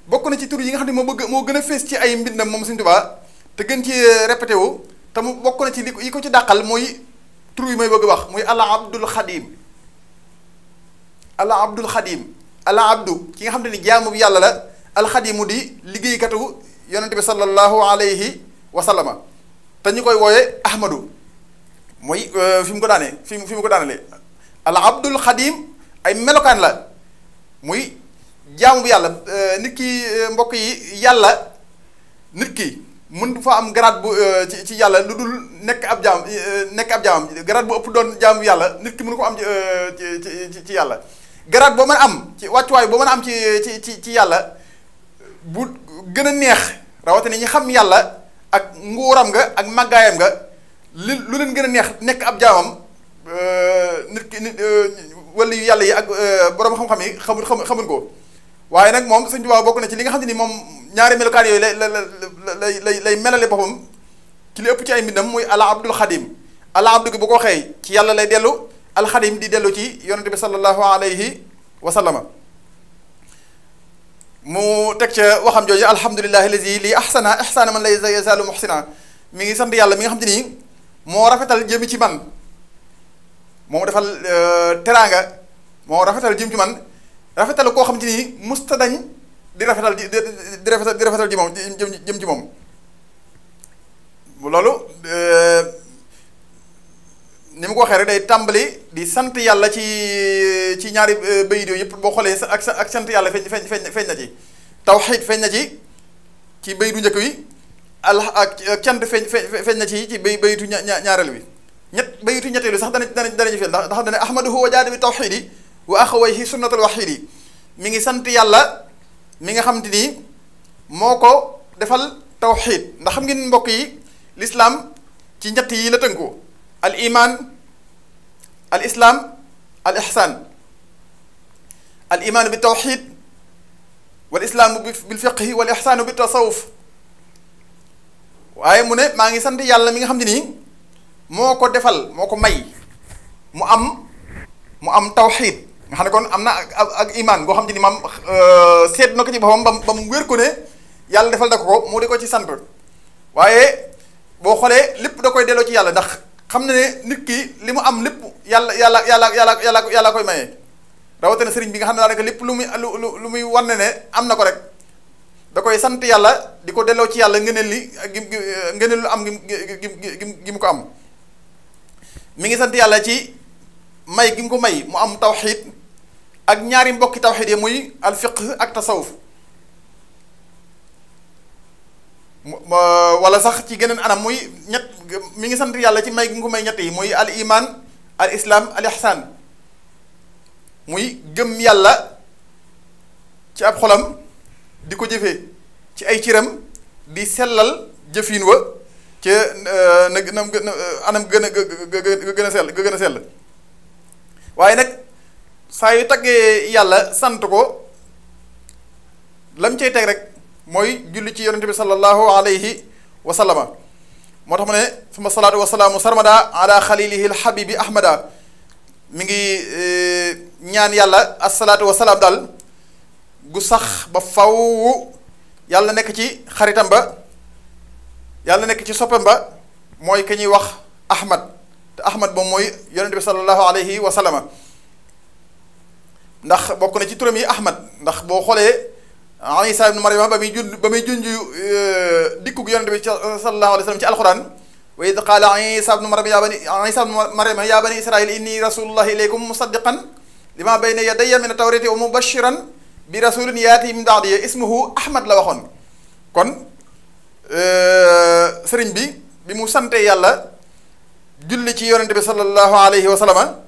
bokk na ci tur yi nga xam ne moo bëgg moo gën a fees ci ay mbindam moom Sëriñ Tuubaa te gën ci euh, répété wu te mu bokk na ci li yi ko ci dàqal mooy tur yi may bëgg wax muy ala abdul xadim ala abdul xadim ala abdu ki nga xam ne ni jaamu yàlla la alxadimu di liggéeykatu yonente bi sallallahu alayhi wa sallama te ñu koy wooye ahmadu mooy euh, fi mu ko daanee fi mu fi al abdul xadim ay melokaan la muy jaamu bu yàlla euh, nit ki euh, mbokk yi yàlla nit ki mun fa am grade bu euh, ci ci yàlla lu dul nekk ab jaam nekk ab jaamam grade bu ëpp doon jaamu yàlla nit ki mënu ko am ci ci yàlla grade boo mën am ci wàccuwaay boo mën a am ci ci ci yàlla bu gën a neex rawatina ñi xam yàlla ak nguuram nga ak màggaayam nga li lu leen gën a neex nekk ab jaamam nit ki nit wala yu yàlla yi ak borom xam-xam yi xamul xamul ko. waaye nag moom Sëñ Tuubaa bokk na ci li nga xam ne moom ñaari melokaan yooyu lay lay lay lay ci li ëpp ci ay mbindam mooy ala abdul xadim ala abdu gi bu ko waxee ci yàlla lay dellu alxadim di dellu ci yonente bi sallallahu alayhi wa sallama mu teg ca waxam jooju alhamdulilahi lazi li ahsana ihsana man lay yasalu muhsina mi ngi sant yàlla mi ngi xam te ni moo rafetal jëm ci man moom defal euh, teraanga moo rafetal jëm ci man rafetal koo xam ci nii musta dañ di rafetal di di rafetal di moom ji moom jëm ci moom loolu eh, ni mu ko waxee day tàmbali di sant yàlla ci ci ñaari eh, bayit yooyu yëpp boo xoolee sa ak sa ak sant yàlla feeñ feeñ feeñ na ci tawxiid feeñ na ci ci bayitu njëkk wi al ak cant feeñ feeñ na ci ci bay bayitu ñaareel wi ñett bayitu ñetteelu sax dana dana danañu feeñ ndax ndax dana ahmaduhu wa jaada bi tawxiid yi wa axawayhi sunnatul wahidi mi ngi sant yàlla mi nga xam te ni moo ko defal tawxid ndax xam ngeen mbokk yi lislaam ci ñett yi la tënku al iman al islaam al ihsan al imaanu bi tawxid wal islaamu bil fiqhi wal ihsaanu bi tasawuf waaye mu ne maa ngi sant yàlla mi nga xam ne nii moo ko defal moo ko may mu am mu am tawxiid nga xam ne kon am na ak ak imaan goo xam te ni maam euh, seet na ko ci boppam ba mu mu wér ko ne yàlla defal na ko ko mu di ko ci sant waaye boo xoolee lépp da koy delloo ci yàlla ndax xam na ne nit ki li mu am lépp yàlla yàlla yàlla yàlla yàlla yàlla koy maye rawatina sëriñ bi nga xam ne daanaka lépp lu muy lu lu wan ne am na ko rek da koy sant yàlla di ko delloo ci yàlla ngëneel li ngëneel lu am gi mu ko am mi ngi sant yàlla ci may gi mu ko may mu am taw xiit ak ñaari mbokki tawxiid yi muy alfiqh ak tasawuf wala sax ci geneen anam muy ñett mi ngi sant yàlla ci may gi nga ko may ñett yi muy al iman al islam al muy gëm yàlla ci ab xolam di ko jëfe ci ay ciram di sellal jëfin wa ca euh, na anam gën a gën a sell gën a sell waaye nag saa yu taggee yàlla sant ko lam cay teg rek mooy julli ci yonente bi sallallahu alayhi wa sallama moo tax mu ne suma salaatu wa salaamu sarmada ala xalilihi alxabibi ahmada mi ngi eh, ñaan yàlla asalaatu wa daal gu sax ba faw yàlla nekk ci xaritam ba yàlla nekk ci soppam ba mooy ki ñuy wax ahmad te ahmad moom mooy yonente bi sallallahu alayhi wa sallama ndax bokk na ci turam yi Ahmad ndax boo xoolee Isa ibnu Maryam ba muy junj ba muy junj eh, dikkug yonent bi sallallahu alayhi wa sallam ci alquran wa id qaala Isa ibnu Maryam yaa bani Isa ibnu Maryam yaa bani Israil inni rasulullahi ilaykum musaddiqan lima bayna yadayya min tawrati wa mubashiran bi rasulin yaati min ba'di ismuhu Ahmad la waxoon kon eh, sëriñ bi bi mu sante yàlla julli ci yonent bi sallallahu alayhi wa sallama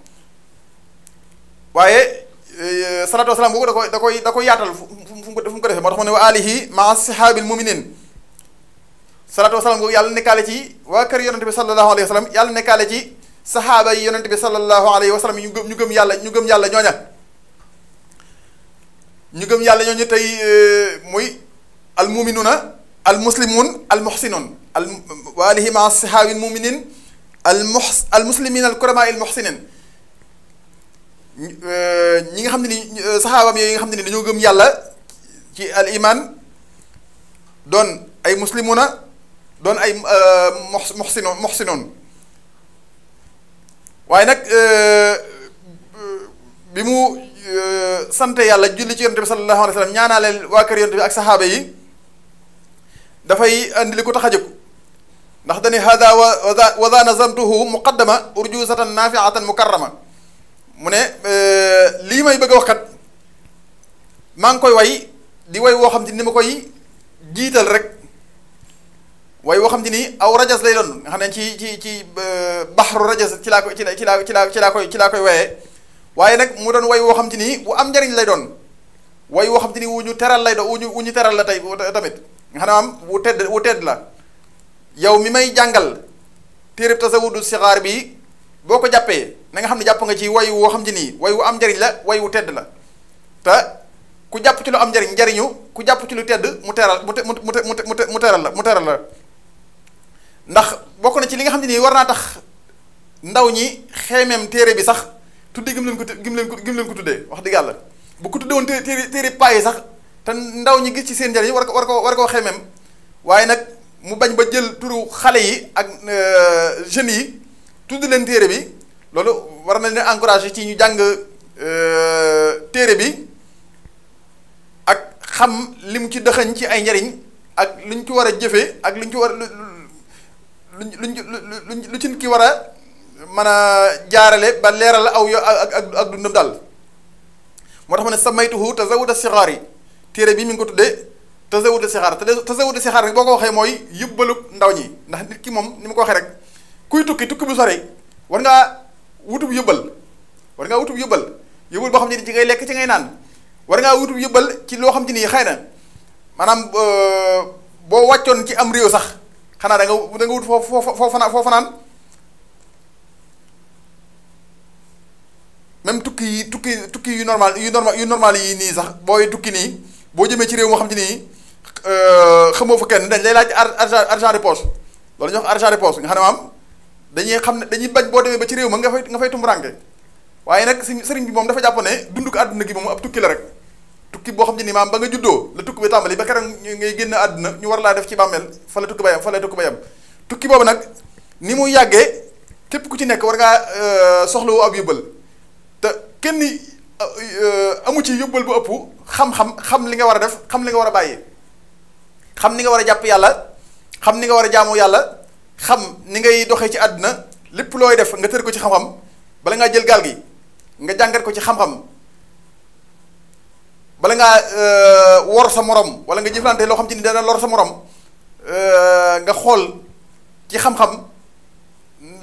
waaye. Eh, salaatu wasalaam boobu da koy da koy da koy yaatal fu mu ko fu mu ko defee moo tax mu ne wa alihi ma sahaabil muminin salaatu wasalaam boobu yàlla nekkaale ci waa kër yonente bi sallallahu alayhi wa sallam yàlla nekkaale ci saxaaba yi yonente bi sallallahu alayhi wa sallam ñu gëm ñu gëm yàlla ñu gëm yàlla ñooña ñu gëm yàlla ñooñu tey eh, muy al muminuna al muslimun al muhsinun al wa alihi ma sahaabil muminin al muhs al muslimin al kuramaa al muhsinin Euh, ñi nga xam ne ni euh, saxaabam yooyu nga xam ne ni dañoo gëm yàlla ci al iman doon ay muslimuna doon ay euh, mox moxsinoon moxsinoon waaye nag bi mu sante yàlla julli ci yonte bi sallallahu alayhi wa sallam ñaanaale waa kër yonte ak saxaaba yi dafay andi li ko tax a jóg ndax dañuy hada wa wa wa nazamtuhu muqaddama urjusatan nafiatan mukarrama mu ne euh, lii may bëgg a wax kat maa ngi koy way di way woo xam te ni ma koy jiital rek way woo xam te ni aw rajas lay doon nga xam ne ci ci ci euh, baxru rajas ci laa ci la ci laa ci laa ci laa koy ci laa koy wayee waaye nag mu doon way woo xam te ni bu am njariñ lay doon way woo xam te ni wu ñu teral lay doon wu ñu ñu teral la tey tamit nga xam ne maam wu tedd wu tedd la yow mi may jàngal téereb tasawudu sixaar bi boo ko jàppee na nga xam ne jàpp nga ci way woo xam ci nii way wu am njariñ la way wu tedd la te ku jàpp ci lu am njariñ njariñu ku jàpp ci lu tedd mu teeral mu te mu te mu te mu teeral la mu teeral ndax bokk na ci li nga xam ne nii war naa tax ndaw ñi xeemeem téere bi sax tudde gim leen ko gim leen ko gim leen ko tuddee wax dëgg yàlla bu ko tudde woon téere téere paay sax te ndaw ñi gis ci seen njariñ war ko war ko war koo xeemeem waaye nag mu bañ ba jël turu xale yi ak euh, jeunes yi tudd leen téere bi loolu war nañ leen encouragé ci ñu jàng euh, téere bi ak xam li mu ci dëxañ ci ay njariñ ak lu ñu ci war a jëfe ak lu ci war lu lu lu lu ci ki war a mën a jaarale ba leeral aw yo ak ak ak dundam daal moo tax ma ne samaytuhu tazawud as-sighar yi téere bi mi ngi ko tuddee tazawud as-sighar tazawud as-sighar boo ko waxee mooy yëbbalub ndaw ñi ndax nit ki moom ni mu ko waxee rek. kuy tukki tukki bu sori war ngaa wutub yëbbal war ngaa wutub yëbbal yëbbal boo xam ne ci ngay lekk ci ngay naan war ngaa wutub yëbbal ci loo xam ne nii xëy na maanaam euh, boo wàccoon ci am réew sax xanaa da nga da nga wut foofu foofu foofu naan même tukki yi tukki tukki yu normal yu normal yu normal yi nii sax booy tukki nii boo jëmee ci réew moo xam ci nii euh, xamoo fa kenn dañ lay laaj argent argent de poche loolu ñuy wax argent de poche nga xam ne maam dañuy xam ne dañuy bañ boo demee ba ci réew ma nga fay nga fay tumurànke waaye nag sëriñ bi moom dafa jàpp ne dund ko àdduna gi moom ab tukki la rek tukki boo xam ne ni maam ba nga juddoo la tukki ba tàmbali ba ngay génn àdduna ñu war laa def fa la tukki ba yem fa la tukki ba yem mu yàggee képp ku ci nekk war ngaa euh, soxlawu ab yóbbal te kenn euh, euh, amu ci yóbbal bu ëpp xam-xam xam li nga war a def xam li nga war a bàyyi xam ni nga war a jàpp yàlla xam ni nga war a jaamu yàlla xam ni ngay doxee ci àddina lépp looy def nga tër ko ci xam-xam bala ngaa jël gaal gi nga jàngat ko ci xam bala ngaa euh, wor sa morom wala nga jëflante loo xam ci ni dana lor sa morom euh, nga xool ci xam-xam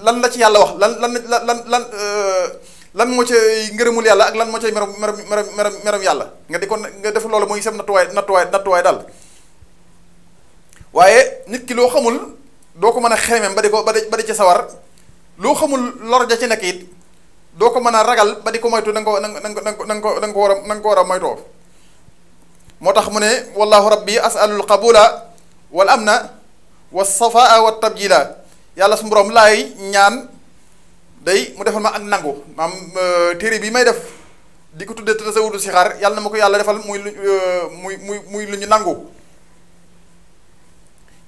lan la ci yàlla wax lan lan lan lan lan euh, moo cay ngërëmul yàlla ak lan moo cay meram meram meram meram yàlla nga di ko nga def loolu mooy sam nattuwaay nattuwaay nattuwaay daal waaye nit ki loo xamul. doo ko mën a xemem mba di ko ba di ba di ci sawar loo xamul lor ja ci nekk doo ko mën a ragal ba di ko moytu na nga ko na nga ko na nga ko na nga war a na ko war a moytoo moo tax mu ne wallahu rabbi asalul qabula wal na wa safaa wa tabjila yàlla su borom laay ñaan day mu defal ma ak nangu maam euh, téere bi may def di ko tuddee tasawudu si xaar yàlla na ma ko yàlla defal muy lu euh, muy muy muy lu ñu nangu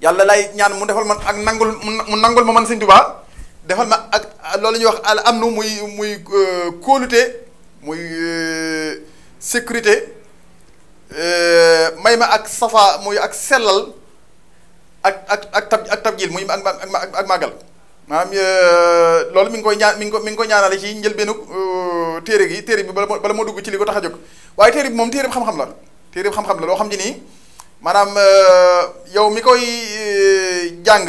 yàlla lay ñaan mu defal man ak nangul mu nangul ma man sëñ Tuubaa defal ma ak loolu ñuy wax al am nu muy muy euh, kóolute muy euh, sécurité euh, may ma ak safa muy ak sellal ak ak ak tab ak tabjil muy ak ak ak màggal maanaam loolu mi ngi koy ñaan mi ngi ko mi ngi koy ñaanale ci njëlbeenu téere gi téere bi bala bala moo dugg ci li ko tax a jóg waaye téere bi moom téere bi xam-xam la téere bi xam-xam la loo xam ci nii maanaam yow mi koy euh, jàng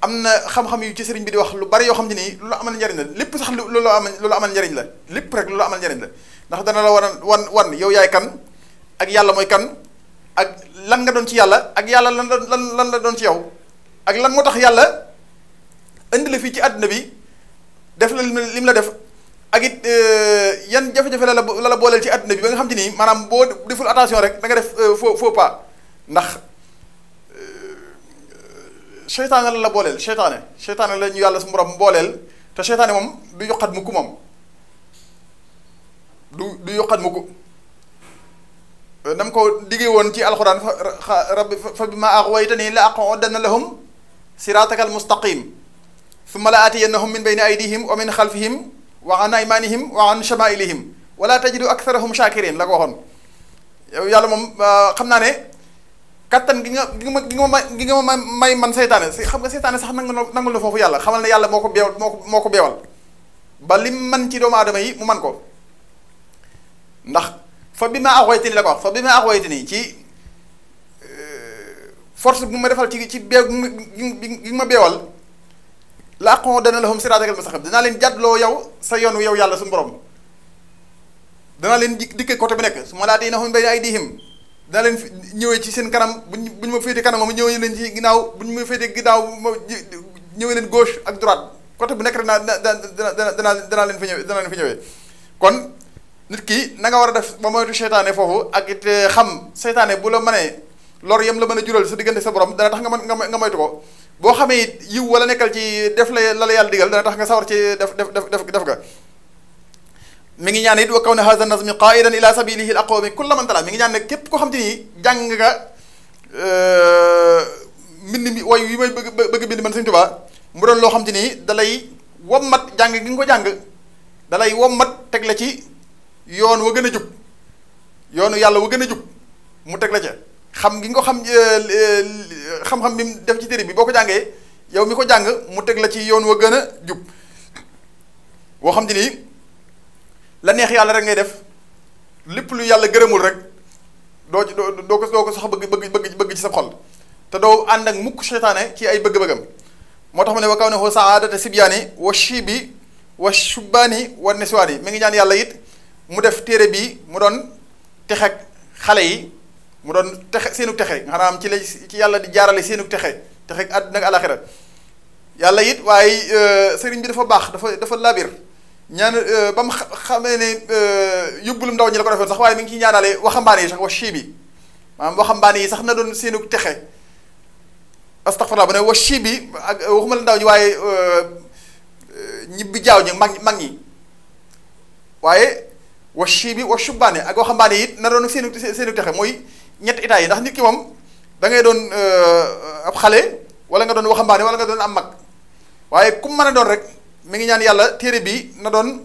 am na xam-xam yu ci sëriñ bi di wax lu bari yoo xam ne nii lu la amal njariñ la lépp sax lu la amal lu la amal njariñ la lépp rek lu la amal njariñ la ndax dana la war a wan wan yow yaay kan ak yàlla mooy kan ak lan nga doon ci yàlla ak yàlla lan lan lan la doon ci yow ak lan moo tax yàlla indi la fii ci àdduna bi def la lim la def ak it euh, yan jafe-jafe la la booleel ci àdduna bi ba nga xam te nii maanaam boo deful attention rek da nga def euh, faux faux pas ndax. seytaane la la booleel seytaane seytaane la ñu yàlla su borom booleel te seytaane moom du yokkat mukk moom du du yokkat mukk nam ko diggee woon ci alxuraan fa rabbi fa bi ma axwaytanii la aqudanna lahum siraataka almustaqim summa la aatiyannahum min bayni aydihim wa min xalfihim wa an aymanihim wa an shamailihim wala tajidu aktharahum shakirin la ko waxoon yow yàlla moom ah, xam naa ne kattan gi nga gi ma gi nga ma gi may man seytaane xam nga seytaane sax nangu nangu la foofu yàlla xamal ne yàlla moo ko beewal moo ko moo ko beewal ba lim man ci doomu adama yi mu man ko ndax fa bi ma axoyte ni la ko wax fa bi ma axoyte nii ci euh, force bu ma defal ci ci beew gi ma beewal la aqon dana lahum siraatakal mustaqim danaa leen jàddloo yow sa yoonu yow yàlla suñu borom danaa leen dikke côté bu nekk su ma laa dee na hum bayna aydihim daa leen fi ñëwee ci seen kanam buñ buñ ma féete kanam ma ñëwee leen ci ginnaaw buñ ma féete ginnaaw ma ñëwee leen gauche ak droite côté bu nekk rek naa da da danaa danaa leen fi ñëwee danaa leen fi kon nit kii na nga war a def ba moytu seytaane foofu ak te eh, xam seetaanee bu la mënee lor yam la mën a jural sa diggante sa borom dana tax nga nga moytu ko boo xamee it yiw wala nekkal ci def la la la yàlla digal dana tax nga sawar ci def def def def nga. mi ngi ñaan it wa kaw ne haza nazmi qaidan ila sabilihi al aqwami kulla man tala mi ngi ñaan ne képp koo xam te ni jàng nga euh, mbind mi way wi may bëgg bëgg bind man Sëñ Tuubaa mu doon loo xam te ni dalay wommat jàng gi nga ko jàng dalay wommat teg la ci yoon wa gën a jub yoonu yàlla wa gën a jub mu teg la ca xam gi ko xam euh, euh, xam-xam bi mu def ci téere bi boo ko jàngee yow mi ko jàng mu teg la ci yoon wa gën a jub boo xam te ni la neex yàlla rek ngay def lépp lu yàlla gërëmul rek doo ci doo doo ko doo ko sax bëgg bëgg bëgg ci sa xol te doo ànd ak mukk seytaane ci ay bëgg-bëggam moo tax mu ne wa kaw ne xoo saadata sibyaani wa shibi wa shubbaani wa niswaani mi ngi ñaan yàlla it mu def téere bii mu doon texe xale yi mu doon texe seenu texe nga xanaam ci la ci yàlla di jaarale seenu texe texe ak àdduna yàlla it waaye euh, sëriñ bi dafa baax dafa dafa labir ñaan euh, ba mu xamee ne euh, yóbbulum ndaw ñi la ko defoon sax waaye mi ngi ciy ñaanaale waxambaane wa shiibi maanaam waxambaane yi sax na doon seenu texe astaghfirullah bu ne wa shiibi ak euh, waxuma la ndaw ñi waaye ñibbi jaaw ñi mag mag ñi waaye wa shiibi wa shubbaane ak waxambaane yit it na doon seenu seenu texe mooy ñett état yi ndax nit ki moom da ngay doon ab xale wala nga doon waxambaane wala nga doon am mag waaye kum mën a doon rek. mi ngi ñaan yàlla téere bi na doon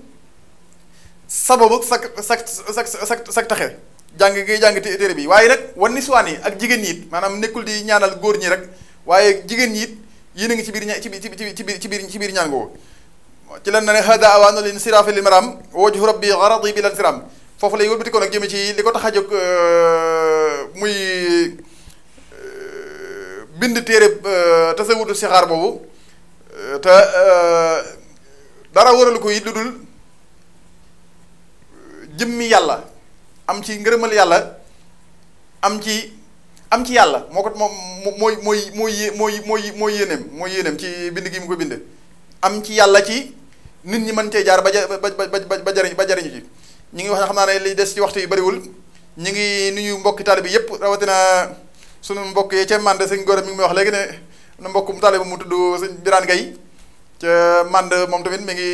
sababu sak sak sak sak sak taxe jàng ngay jàng téere bi waaye nag wan niswaan yi ak jigéen ñi it maanaam nekkul di ñaanal góor ñi rek waaye jigéen ñi it yéen a ngi ci biir ña ci biir ci biir ci biir ci biir ñaan googu ci lan na ne hada awaanu lin siraafi lil maram wajhu bi lan siram foofu lay wëlbati ko nag jëme ci li ko tax euh, euh, téere euh, tasawudu sixaar boobu te dara waral ko it lu dul euh, jëmmi yàlla am ci ngërëmal yàlla am ci am ci yàlla moo ko moom mooy mooy mooy mooy mooy mooy yéeneem mooy yéeneem ci bind gi mu ko bind am ci yàlla ci nit ñi mën cee jaar ba ja ba ba ba jariñ ba jariñu ci ñu ngi wax ne xam naa ne li des ci waxtu yu bariwul ñu ngi nit ñu mbokki taalibe bi yëpp rawatina sunu mbokk yi ca mande sëñ góor mi ngi wax léegi ne na mbokkum mu taalibe mu tudd sëñ Birane Gueye ca mand moom tamit mi ngi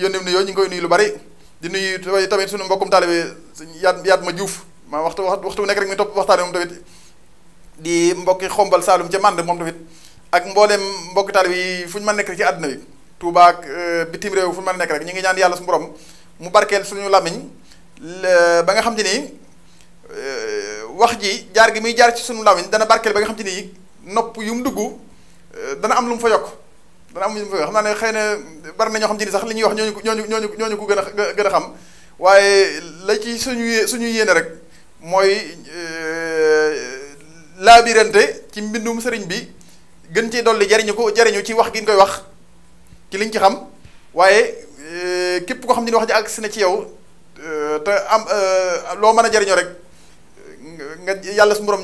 yónni nuyoo ñu ngi koy nuyu lu bari di nuyu tamit suñu mbokkum taalibe yaat yaat ma juuf ma waxtu waxtu nekk rek mi topp waxtaane moom tamit di mbokki saalum ca mand moom tamit ak mbooleem mbokki taalibe yi fu ñu mën nekk rek ci àddina bi Tuuba euh, réew fu ñu mën nekk rek ñu ngi ñaan yàlla su borom mu barkeel suñu làmmiñ ba nga xam te nii euh, wax ji jaar gi muy jaar ci suñu làmmiñ dana barkeel ba nga xam te nii nopp yu mu dugg euh, dana am lu mu fa yokk dana am ñu xam naa ne xëy na bari na ñoo xam ci ni sax li ñuy wax ñooñu ñooñu ñooñu ñooñu ko gën a gën a xam waaye la ci suñu suñu yéene rek mooy euh, laabirante ci mbindum sëriñ bi gën cee dolli jariñu ko jariñu ci wax gi ñu koy wax ci liñ ci xam waaye euh, képp ko xam ne wax ji agsi na ci yow euh, te am loo mën a jariñoo rek nga yàlla su moroom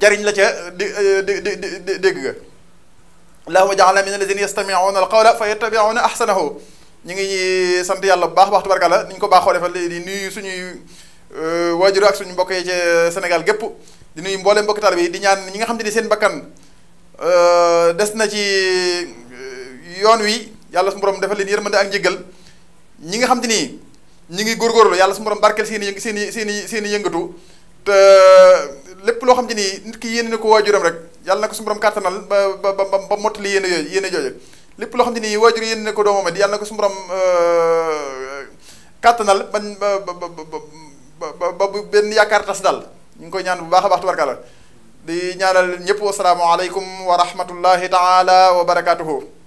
jariñ la ca di di di dégg nga allahumma ja'alna min alladhina yastami'una al-qawla fa yattabi'una ahsanahu ñu ngi sant yàlla bu baax wax tubarkalla ni ñu ko baaxoo defal di nuyu suñuy euh, waajur ak suñu mbokk yi ci Sénégal gépp di nuyu mboolem mbokk taalibe di ñaan ñi nga xam te ni seen bakkan euh, des na ci euh, yoon wi yàlla su borom defal leen yërmande ak njëggal ñi nga xam te ni ñu ngi góorgóorlu yàlla su borom barkeel seen i seen i seeni i seen i lépp loo xam te ni nit ki yéene na ko rek. yàlla na ko suñu borom kàttanal ba ba ba mottali yéen a yooyu yéen a jooju lépp loo xam ne nii waajur yéen ne ko doomam it yàlla na ko suñu borom euh, ba ba ba ba benn yaakaar tas daal ñu ngi koy ñaan bu baax a baax tubarkalla di ñaanal ñëpp asalaamaaleykum wa rahmatullahi taala wa barakaatuhu.